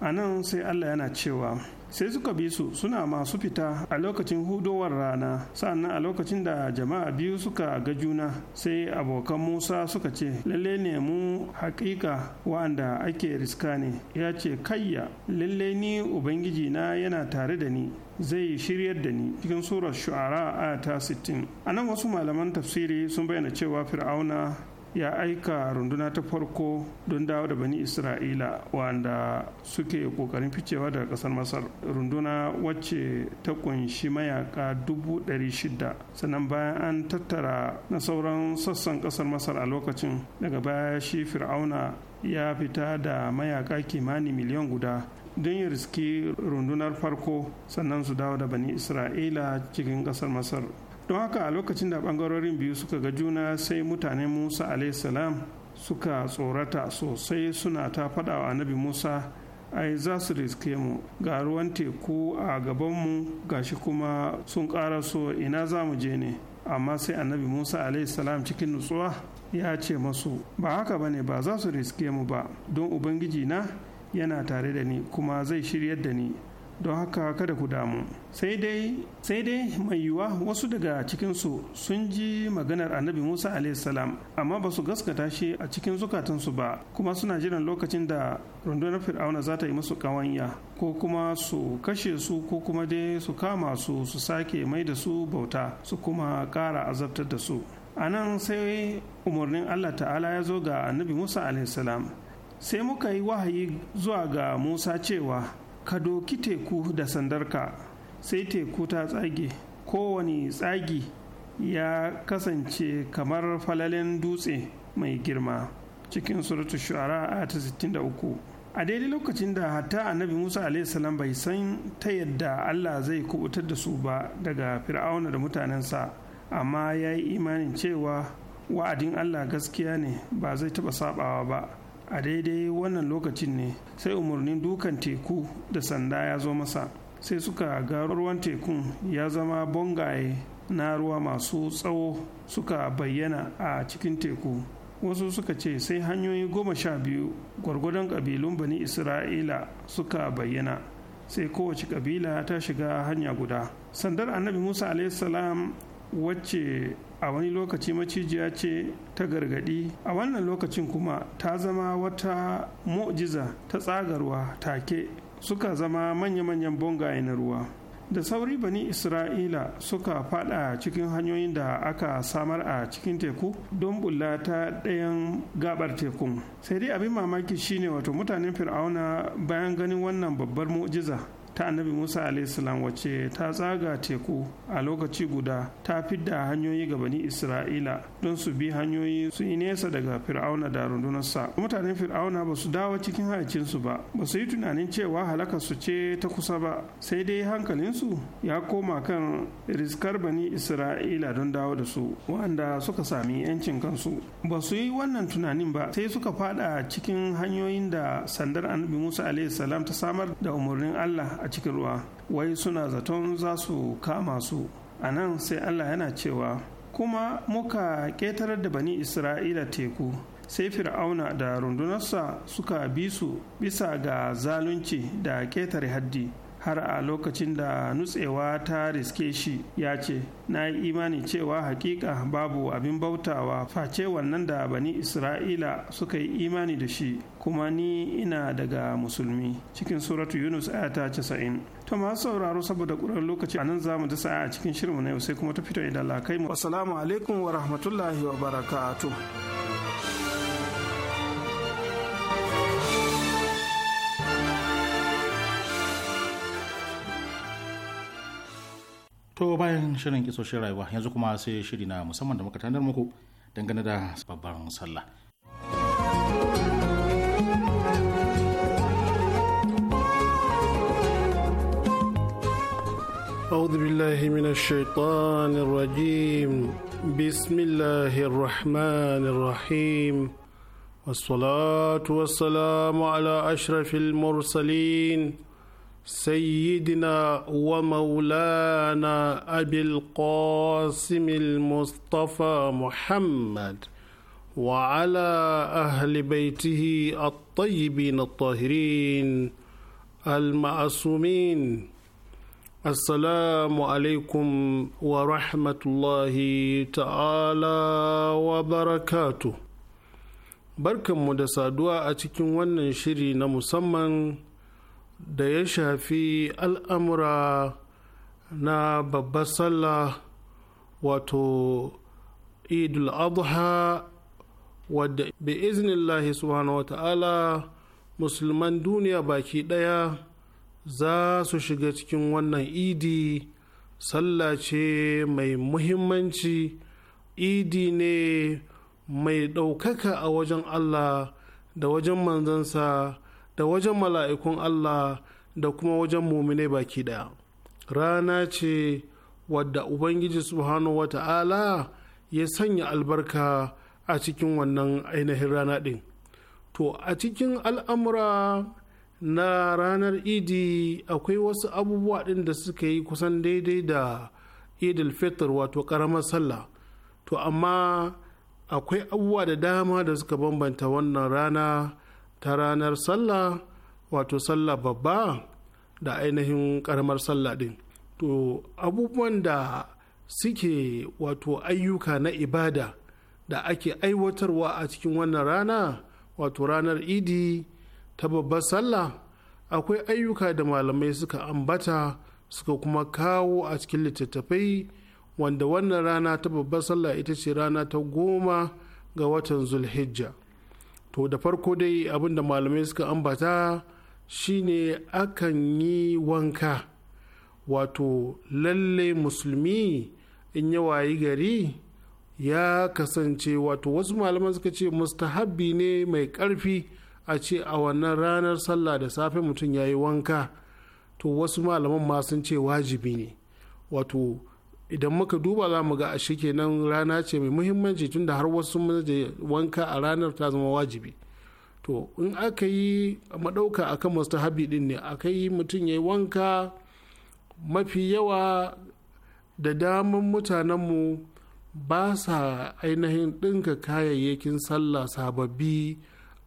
a nan sai allah yana cewa sai suka bi su suna masu fita a lokacin hudowar rana sannan a lokacin da jama'a biyu suka ga juna sai abokan musa suka ce lalle ne mu hakika wa'anda ake riska ne ya ce kayya lalle ni ubangiji na yana tare da ni zai shiryar da ni cikin surar shu'ara a ta 60 a nan wasu malaman tafsiri sun bayyana cewa fir'auna ya aika runduna ta farko don dawo da bani isra'ila wanda suke kokarin ficewa daga kasar masar runduna wacce ta kunshi mayaka shida sannan bayan an tattara na sauran sassan kasar masar a lokacin daga baya shi fir'auna ya fita da mayaka kimanin miliyan guda don ya riski rundunar farko sannan su dawo da bani isra'ila cikin kasar masar don haka a lokacin da bangarorin biyu suka ga juna sai mutanen musa salam suka tsorata sosai suna ta faɗa wa annabi musa ai za su riske mu ga ruwan teku a gabanmu ga shi kuma sun ƙara so ina za mu je ne amma sai annabi musa salam cikin nutsuwa ya ce masu ba haka ba ne ba za su riske mu ba don ubangiji na yana tare da ni kuma zai shiryar da ni don haka kada ku damu sai dai mai yiwuwa wasu daga cikinsu sun ji maganar annabi musa salam amma ba su gaskata shi a cikin zukatansu ba kuma suna jiran lokacin da rundunar fir'auna za ta yi musu ƙawanya ko kuma su kashe su ko kuma dai su kama su su sake mai da su bauta su kuma ƙara azabtar da su a nan sai umarnin allah ta'ala ya zo ga annabi musa salam sai muka yi wahayi zuwa ga musa cewa ka doki teku da sandarka sai teku ta tsage kowane tsagi ya kasance kamar falalen dutse mai girma cikin suratu shu'ara a ta da uku. a daidai lokacin da hatta annabi musa salam bai san ta yadda allah zai kubutar da su ba daga fir'auna da mutanensa amma ya yi imanin cewa wa'adin allah gaskiya ne ba zai taba sabawa ba a daidai wannan lokacin ne sai umarnin dukan teku da sanda ya zo masa sai suka ga ruwan tekun ya zama bongaye na ruwa masu tsawo suka bayyana a cikin teku wasu suka ce sai hanyoyi goma sha biyu gwargwadon ƙabilun bani isra'ila suka bayyana sai kowace ƙabila ta shiga hanya guda sandar annabi musa a.s. wacce a wani lokaci macijiya ce ta gargadi a wannan lokacin kuma ta zama wata mu'jiza ta tsagarwa take suka zama manya-manyan bongaye na ruwa da sauri bani isra'ila suka fada cikin hanyoyin da aka samar a cikin teku don bulla ta ɗayan gabar tekun sai dai abin mamaki shine wato mutanen fir'auna bayan ganin wannan babbar mu'jiza ta annabi musa alaihissalam wace ta tsaga teku a lokaci guda ta fidda hanyoyi ga bani isra'ila don su bi hanyoyi su yi nesa daga fir'auna da rundunarsa mutanen fir'auna ba su dawo cikin haicinsu ba ba su yi tunanin cewa halakar su ce ta kusa ba sai dai hankalinsu ya koma kan riskar bani isra'ila don dawo da su wanda suka sami yancin kansu ba su yi wannan tunanin ba sai suka fada cikin hanyoyin da sandar annabi musa alaihissalam ta samar da umarnin allah a cikin ruwa wai suna zaton za su kama su a nan sai allah yana cewa kuma muka ƙetarar da bani isra'ila teku sai fir'auna da rundunarsa suka bi su bisa ga zalunci da ƙetare haddi har a lokacin da nutsewa ta riske shi ya ce na yi imani cewa hakika babu abin bautawa face wannan da bani isra'ila suka yi imani da shi kuma ni ina daga musulmi cikin suratu yunus aya ta casa'in to masu sauraro saboda ƙurar lokaci a nan za mu dasa a cikin shirinmu na yau sai kuma ta fito idan lakai mu assalamu alaikum wa rahmatullahi wa barakatuh to bayan shirin kisoshin rayuwa yanzu kuma sai shiri na musamman da muka tanar muku dangane da babban sallah أعوذ بالله من الشيطان الرجيم بسم الله الرحمن الرحيم والصلاة والسلام على أشرف المرسلين سيدنا ومولانا أبي القاسم المصطفى محمد وعلى أهل بيته الطيبين الطاهرين المعصومين السلام عليكم ورحمة الله تعالى وبركاته barkanmu da saduwa a cikin wannan shiri na musamman da ya shafi al'amura na babbar sallah wato idul adha wadda bi iznillahi subhanahu wata'ala musulman duniya baki daya za su shiga cikin wannan idi sallah ce mai muhimmanci idi ne mai ɗaukaka a wajen allah da wajen manzansa da wajen mala'ikun Allah da kuma wajen mumine baki ɗaya rana ce wadda ubangiji subhanahu wa ta'ala ya sanya albarka a cikin wannan ainihin rana ɗin to a cikin al'amura na ranar idi akwai wasu abubuwa ɗin da suka yi kusan daidai da idil fitr wato ƙaramar sallah to amma akwai abubuwa da dama da suka bambanta wannan rana ta ranar sallah wato sallah babba da ainihin karamar sallah din to abubuwan da suke wato ayyuka na ibada da ake aiwatarwa a cikin wannan rana wato ranar idi ta babbar sallah akwai ayyuka da malamai suka ambata suka kuma kawo a cikin littattafai wanda wannan rana ta babbar sallah ita ce rana ta goma ga watan zulhijja to da farko dai abin da malamai suka ambata shine akan yi wanka wato lalle musulmi in ya wayi gari ya kasance wato wasu malaman suka ce mustahabbi ne mai karfi a ce a wannan ranar sallah da safe mutum ya yi wanka to wasu malaman ma sun ce wajibi ne wato idan muka duba za mu ga a shike kenan rana ce mai muhimmanci da har wasu da wanka a ranar ta zama wajibi to in aka yi madauka akan habi din ne aka yi mutum ya yi wanka mafi yawa da daman mutanenmu ba sa ainihin ɗinka kayayyakin sallah sababbi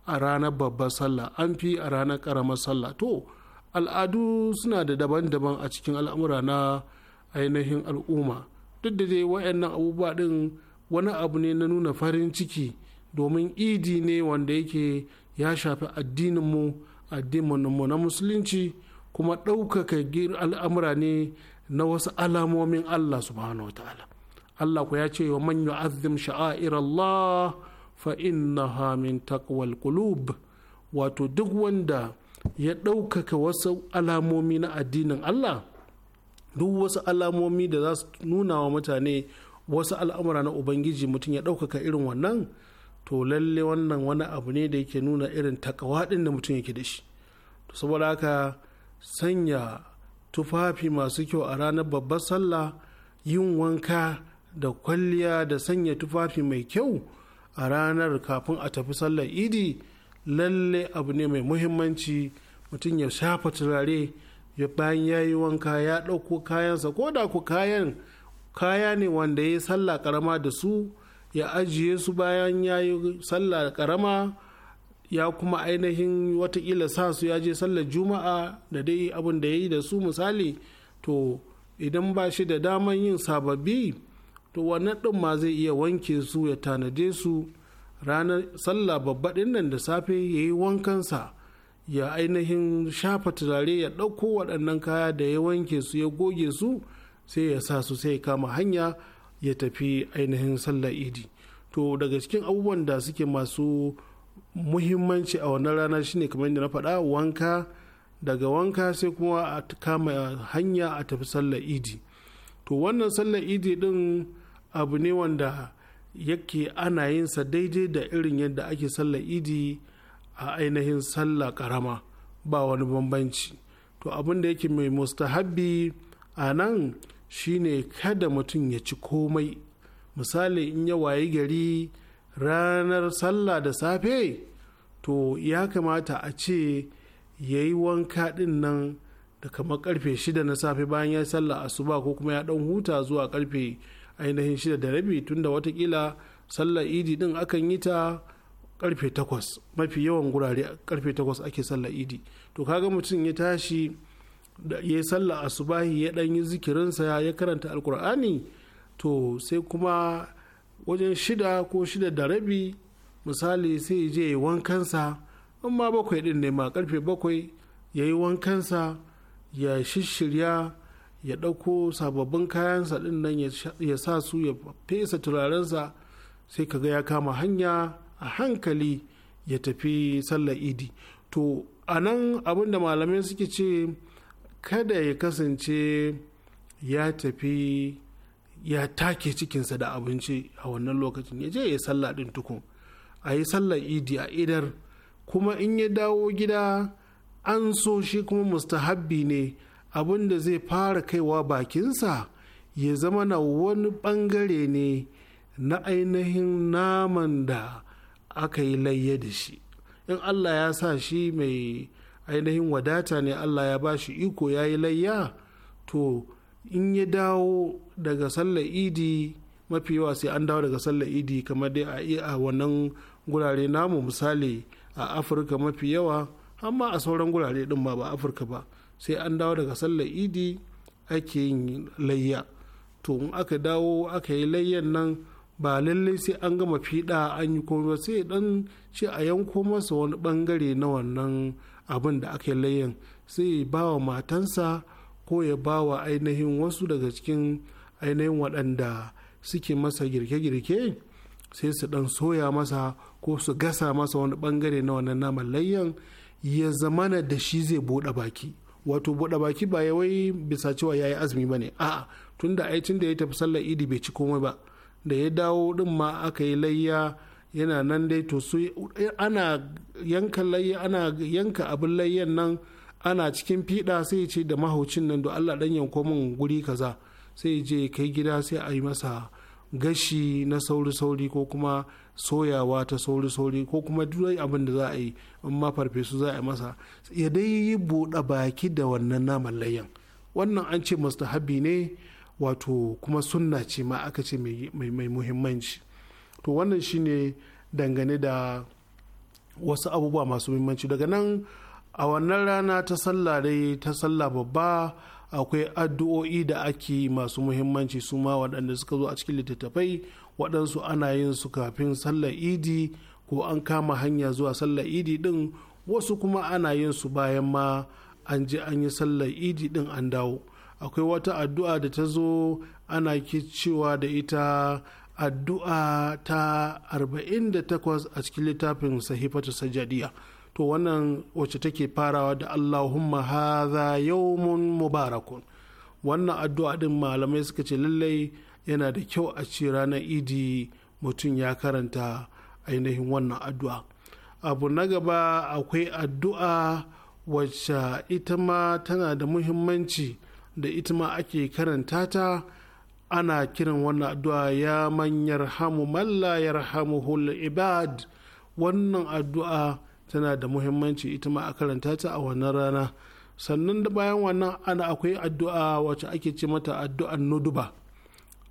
a ranar babbar sallah an fi a ranar ƙaramar sallah to al'adu suna da daban-daban a cikin al'amura na ainihin al'umma duk da dai wayannan abubuwa din wani abu ne na nuna farin ciki domin idi ne wanda yake ya shafi addininmu addininmu na musulunci kuma ɗaukaka al'amura ne na wasu alamomin Allah subhanahu wa ta'ala Allah ku ya ce wa man yu'azzim sha'air Allah fa innaha min taqwal qulub wato duk wanda ya ɗaukaka wasu alamomi na addinin Allah duk wasu alamomi da za su nuna wa mutane wasu al'amura na ubangiji mutum ya ɗaukaka irin wannan to lalle wannan wani abu ne da yake nuna irin takawaɗin da mutum yake da shi to saboda haka sanya tufafi masu kyau a ranar babbar sallah yin wanka da kwalliya da sanya tufafi mai kyau a ranar kafin a tafi sallar idi lalle abu ne mai muhimmanci mutum ya shafa turare bayan ya yi wanka ya ɗauko kayansa ko da ku kayan kaya ne wanda ya yi sallah karama da su ya ajiye su bayan ya yi sallah karama ya kuma ainihin watakila sa su ya je sallar juma'a da dai abin da ya yi da su misali to idan ba shi da daman yin sababbi to wannan ɗin ma zai iya wanke su ya tanade su ranar sallah babbaɗin nan da safe ya yi wankansa ya ainihin shafa turare ya ɗauko waɗannan kaya da ya wanke su ya goge su sai ya sa su sai kama hanya ya tafi ainihin sallar idi to daga cikin abubuwan da suke masu muhimmanci a wannan rana shine kamar yadda na faɗa wanka daga wanka sai kuma a kama hanya a tafi sallar idi to wannan sallar idi din abu ne wanda yake ana yinsa daidai da irin yadda ake sallar idi a ainihin sallah karama ba wani bambanci to abin da yake mai mustahabbi a nan shine kada mutum ya ci komai misali in ya wayi gari ranar sallah da safe to ya kamata a ce ya yi wanka ɗin nan da kamar karfe shida na safe bayan ya sallah asuba ko kuma ya ɗan huta zuwa karfe ainihin shida da rabi tunda watakila sallar idi ɗin akan yi ta karfe takwas mafi yawan gurare karfe takwas ake sallar idi to kaga mutum ya tashi ya yi sallar asubahi ya dan yi zikirinsa ya karanta alkur'ani to sai kuma wajen shida ko shida da rabi misali sai je ya wankansa amma bakwai din ne ma karfe bakwai ya yi wankansa ya shishirya ya ɗauko sababbin kayansa din nan ya sa su ya fesa turarensa sai kaga ya kama hanya a hankali ya tafi sallar idi to a nan abinda malamai suke ce kada ya kasance ya tafi ya take cikinsa da abinci a wannan lokacin ya je ya sallah din tukun a yi sallar idi a idar kuma in ya dawo gida an so shi kuma mustahabbi ne abin da zai fara kaiwa bakinsa ya zama na wani bangare ne na ainihin naman da aka yi layya da shi in allah ya sa shi mai ainihin wadata ne allah ya ba shi iko ya yi layya to in ya dawo daga sallar idi mafi yawa sai an dawo daga sallar idi kamar dai a wannan gurare namu misali a afirka mafi yawa amma a sauran gurare din ba ba afirka ba sai an dawo daga sallar idi ake yin layya to in aka dawo aka yi layyan nan ba lallai sai an gama fiɗa an yi komai sai dan ce a yanko masa wani bangare na wannan abin da aka layin sai ba wa matansa ko ya ba wa ainihin wasu daga cikin ainihin waɗanda suke masa girke-girke sai su dan soya masa ko su gasa masa wani bangare na wannan naman layyan ya zamana da shi zai buɗe baki wato buɗe baki ba ya wai bisa cewa ya yi azumi ba ne a'a tun da aicin da ya tafi sallar idi bai ci komai ba da ya dawo din ma aka yi layya yana nan dai to su ana yanka layya ana yanka abin layyan nan ana cikin fiɗa sai ce da mahaucin nan da Allah dan yanko min guri kaza sai je kai gida sai a yi masa gashi na sauri-sauri ko kuma soyawa ta sauri-sauri ko kuma duk abin da za a yi amma farfesu za a yi masa ya dai yi buɗe baki da wannan naman layyan wannan an ce mustahabi ne wato kuma sunna ce ma aka ce mai muhimmanci to wannan shine dangane da wasu abubuwa masu muhimmanci daga nan a wannan rana ta sallah dai ta sallah babba akwai addu'o'i da ake masu muhimmanci su ma waɗanda suka zo a cikin littattafai waɗansu ana yin su kafin sallar idi ko an kama hanya zuwa sallar idi ɗin wasu kuma ana yin su bayan ma an je an yi sallar idi ɗin an dawo akwai wata addu'a da ta zo ana cewa da ita addu'a ta 48 a cikin littafin sahifatu sajadiya to wannan wacce take farawa da allahumma haza yawmun mubarakun wannan addu'a din malamai suka ce lallai yana da kyau a ce ranar idi mutum ya karanta ainihin wannan addu'a abu na gaba akwai addu'a wacce ita ma tana da muhimmanci da ita ma ake karanta ta ana kiran wannan addu'a ya manyar hamu malla ya rahamuhul ibad wannan addu'a tana da muhimmanci ita ma a karanta ta a wannan rana sannan da bayan wannan ana akwai addu'a wacce ake ce mata addu'ar nuduba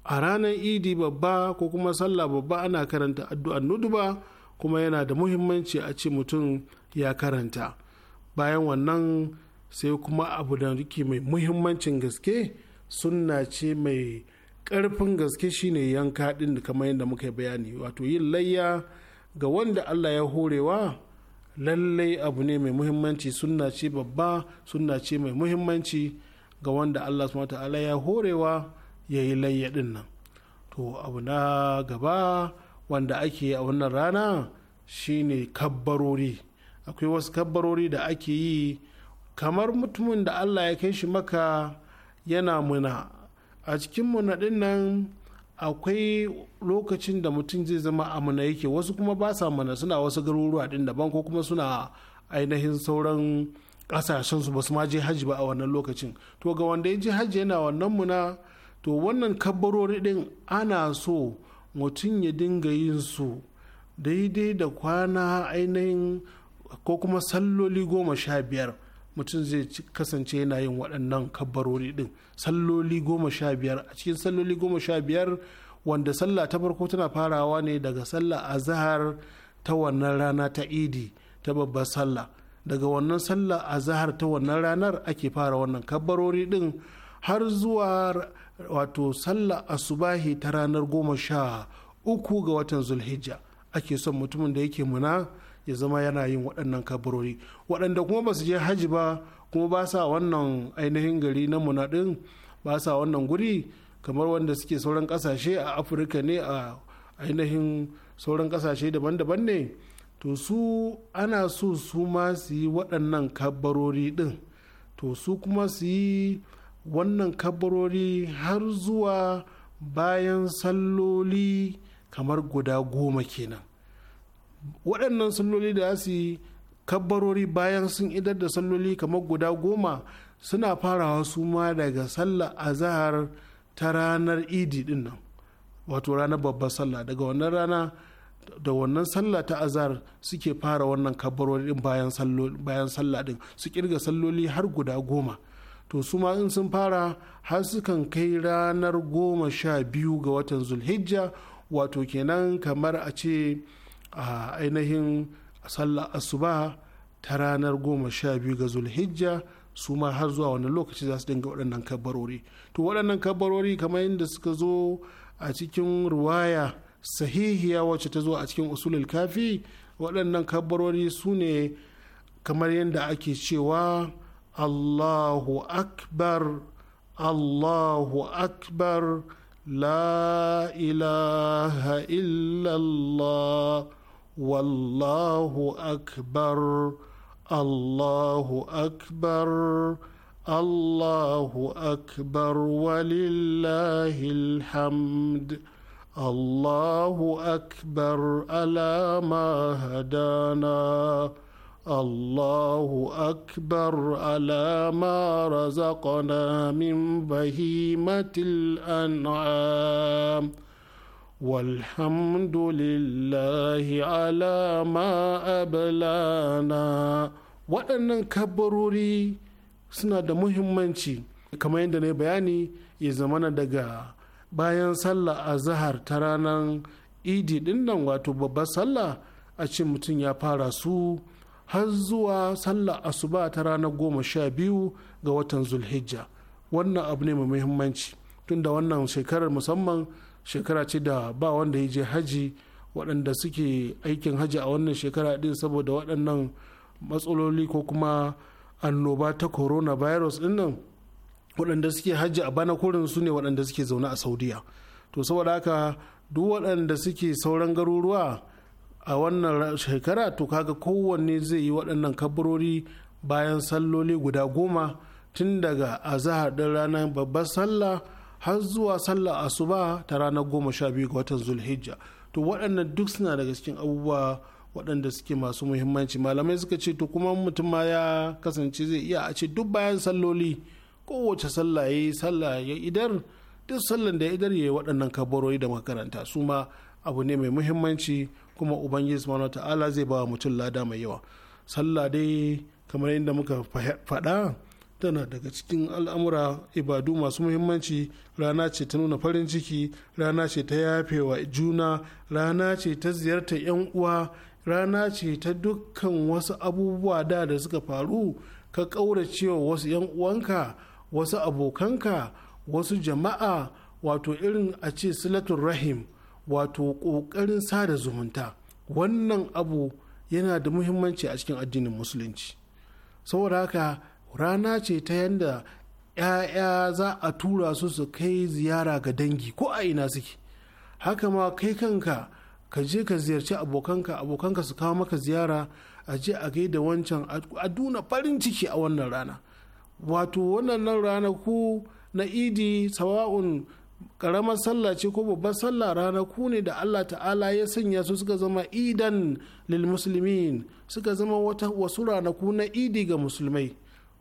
a ranar idi babba ko kuma sallah babba ana karanta addu'an nuduba kuma yana da muhimmanci a ce mutum ya karanta bayan wannan sai kuma abu da rike mai muhimmancin gaske sunna ce mai ƙarfin gaske shine yanka din kamar yadda muka bayani wato yin layya ga wanda Allah ya horewa lallai abu ne mai muhimmanci sunna ce babba sunna ce mai muhimmanci ga wanda Allah su ta'ala ya horewa ya yi layya din nan to abu na gaba wanda ake a wannan rana shine kabbarori akwai wasu kabbarori da ake yi kamar mutumin da allah ya kai shi maka yana muna a cikin muna nan akwai lokacin da mutum zai zama a amina yake wasu kuma ba sa mana suna wasu garuruwa din daban ko kuma suna ainihin sauran kasashen su basu ma je hajji ba a wannan lokacin to ga wanda ya je hajji yana wannan muna to wannan kabarori din ana so mutum ya dinga yin su daidai da kwana ainihin ko kuma salloli goma sha biyar mutum zai kasance yana yin waɗannan kabbarori ɗin salloli goma sha biyar a cikin salloli goma sha biyar wanda sallah ta farko tana farawa ne daga sallah azahar ta wannan rana ta idi ta babbar sallah daga wannan sallah azahar ta wannan ranar ake fara wannan kabbarori ɗin har zuwa wato sallah asubahi ta ranar goma sha uku ga watan zulhijja ake son mutumin da yake muna ya zama yana yin waɗannan kabarori waɗanda kuma ba su je hajji ba kuma ba sa wannan ainihin gari na muna ɗin ba sa wannan guri kamar wanda suke sauran ƙasashe a afirka ne a ainihin sauran ƙasashe daban-daban ne to su ana so su ma su yi waɗannan kabarori ɗin to su kuma su yi wannan kabarori har zuwa bayan salloli kamar guda goma kenan waɗannan salloli da su yi kabbarori bayan sun idar da salloli kamar guda goma suna farawa su ma daga sallah azahar ta ranar idi din nan wato ranar babbar sallah daga wannan rana da wannan sallah ta azar suke fara wannan kabbarorin bayan bayan sallah din su kirga salloli har guda goma to su ma in sun fara har sukan kai ranar goma sha biyu ga watan zulhijja wato kenan kamar a ce a ainihin sallar asuba ta ranar goma sha biyu ga zulhijja su ma har zuwa wani lokaci za su dinga waɗannan kabarori to waɗannan kabarori kamar yadda suka zo a cikin ruwaya sahihiya wacce ta zo a cikin usulul kafi waɗannan kabarori su ne kamar yadda ake cewa allahu akbar allahu akbar لا اله الا الله والله اكبر الله اكبر الله اكبر ولله الحمد الله اكبر الا ما هدانا allahu akbar على ما رزقنا من بهيمة الأنعام والحمد لله على ما أبلانا waɗannan kabarori suna da muhimmanci kamar yadda na bayani ya zamana daga bayan sallah a zahar ta ranar idi dinnan wato babbar sallah a ce mutum ya fara su har zuwa sallah asuba ta ranar goma sha biyu ga watan zulhijja wannan abu ne mai muhimmanci tunda wannan shekarar musamman shekara ce da ba wanda ya je haji waɗanda suke aikin haji a wannan shekara ɗin saboda waɗannan matsaloli ko kuma annoba ta coronavirus virus nan waɗanda suke haji a bana kurin su ne waɗanda suke zaune a saudiya to saboda haka duk waɗanda suke sauran garuruwa a wannan shekara to kaga kowanne zai yi waɗannan kabarori bayan salloli guda goma tun daga azahar ɗin ranar babbar sallah har zuwa sallah asuba ta ranar goma sha biyu ga watan zulhijja to waɗannan duk suna daga cikin abubuwa waɗanda suke masu muhimmanci malamai suka ce to kuma mutum ma ya kasance zai iya a ce duk bayan salloli kowace sallah ya yi sallah ya idar duk sallan da ya idar ya yi waɗannan kabarori da makaranta su ma abu ne mai muhimmanci kuma ubangiji subhanahu ta'ala zai ba mutum lada mai yawa sallah dai kamar yadda muka faɗa tana daga cikin al'amura ibadu masu muhimmanci rana ce ta nuna farin ciki rana ce ta yafewa juna rana ce ta ziyartar 'yan uwa rana ce ta dukkan wasu abubuwa da da suka faru ka ƙaura cewa wasu 'yan uwanka wasu abokanka wasu jama'a wato irin a ce silatun rahim wato ƙoƙarin sada zumunta wannan abu yana da muhimmanci a cikin addinin musulunci saboda haka rana ce ta yadda 'ya'ya za a tura su su kai ziyara ga dangi ko a ina suke haka ma kai kanka ka je ka ziyarci abokanka abokanka su kawo maka ziyara a je a gaida wancan a duna farin ciki a wannan rana wato wannan rana ku na idi sawa'un karamar sallah ce ko babbar sallah ranaku ne da Allah ta'ala ya sanya su suka zama idan lil muslimin suka zama wata wasu ranaku na idi ga musulmai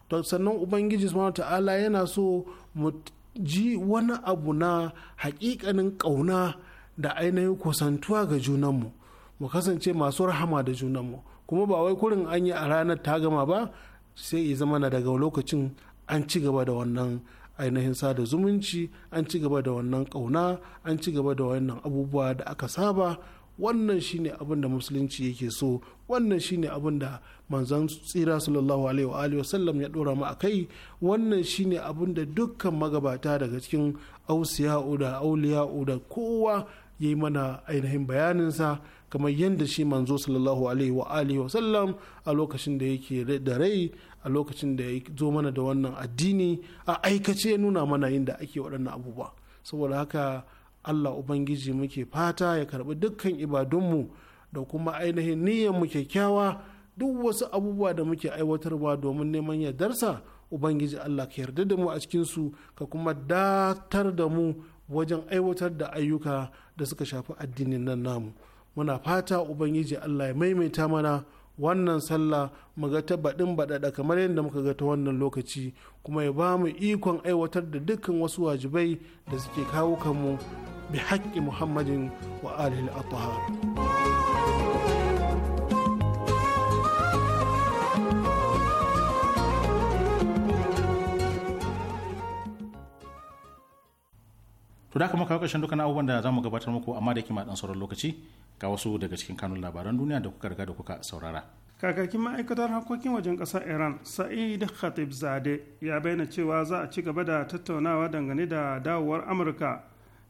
to sannan ubangiji subhanahu ta'ala yana so mu ji wani abu na hakikanin kauna da ainihin kusantuwa ga junanmu mu kasance masu rahama da junanmu kuma ba wai kurin an yi a ranar ta gama ba sai ya zama na daga lokacin an ci gaba da wannan ainihin sada zumunci an ci gaba da wannan kauna an ci gaba da wannan abubuwa da aka saba wannan shine abin da musulunci yake so wannan shine abin da manzon tsira sallallahu alaihi wa wasallam ya dora mu akai wannan shine abin da dukkan magabata daga cikin ausiya'u da auliya'u da kowa yayi mana ainihin bayanin sa kamar yadda shi manzo sallallahu alaihi wa alihi wa sallam a lokacin da yake da rai a lokacin da ya zo mana da wannan addini a aikace ya nuna mana yadda ake waɗannan abubuwa saboda haka allah ubangiji muke fata ya karɓi dukkan ibadunmu da kuma ainihin niyyar mu kyakkyawa duk wasu abubuwa da muke aiwatarwa domin neman yardarsa ubangiji allah ka yarda da mu a cikinsu ka kuma datar da mu wajen aiwatar da ayyuka da suka shafi addinin nan namu muna fata ubangiji allah ya maimaita mana wannan sallah mu ga ta baɗin baɗaɗa kamar yadda muka ga ta wannan lokaci kuma ya ba mu ikon aiwatar da dukkan wasu wajibai da suke kawo kanmu bi haƙƙi muhammadin wa alihi al to da kuma kawo ƙarshen dukkan abubuwan da za mu gabatar muku amma da kima dan sauran lokaci ga wasu daga cikin kanun labaran duniya da kuka riga da kuka saurara kakakin ma'aikatar harkokin wajen ƙasar iran sa'id khatib zade ya bayyana cewa za a ci gaba da tattaunawa dangane da dawowar amurka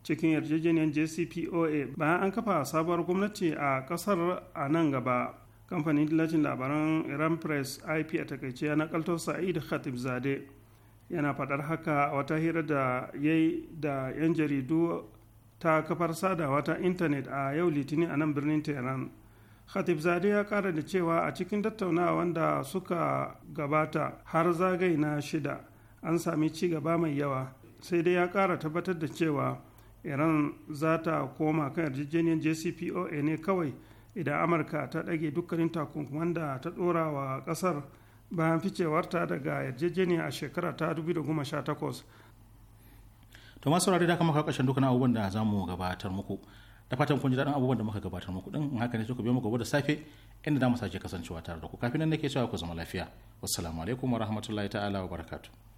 cikin yarjejeniyar jcpoa bayan an kafa sabuwar gwamnati a kasar a nan gaba kamfanin dillacin labaran iran press ip a takaice na nakalto sa'id khatib zade yana faɗar haka wata hira da ya yi da 'yan jaridu ta kafar sadawa ta intanet a yau litinin a nan birnin tehran khatib zade ya kara da cewa a cikin tattaunawa wanda suka gabata har zagaye na shida an sami ci gaba mai yawa sai dai ya kara tabbatar da cewa iran za ta koma kan yarjejeniyar jcpoa ne kawai idan amurka ta ɗage dukkanin takunkuman da ta ɗora wa ƙasar bayan ficewarta daga yarjejeniya a shekara ta 2018 to masu saurari da kama ka ƙarshen dukkan abubuwan da za mu gabatar muku da fatan kun ji daɗin abubuwan da muka gabatar muku din in haka ne suka biyo muku gobe da safe inda za mu sake kasancewa tare da ku kafin nan nake cewa ku zama lafiya wassalamu alaikum wa rahmatullahi ta'ala wa barakatu.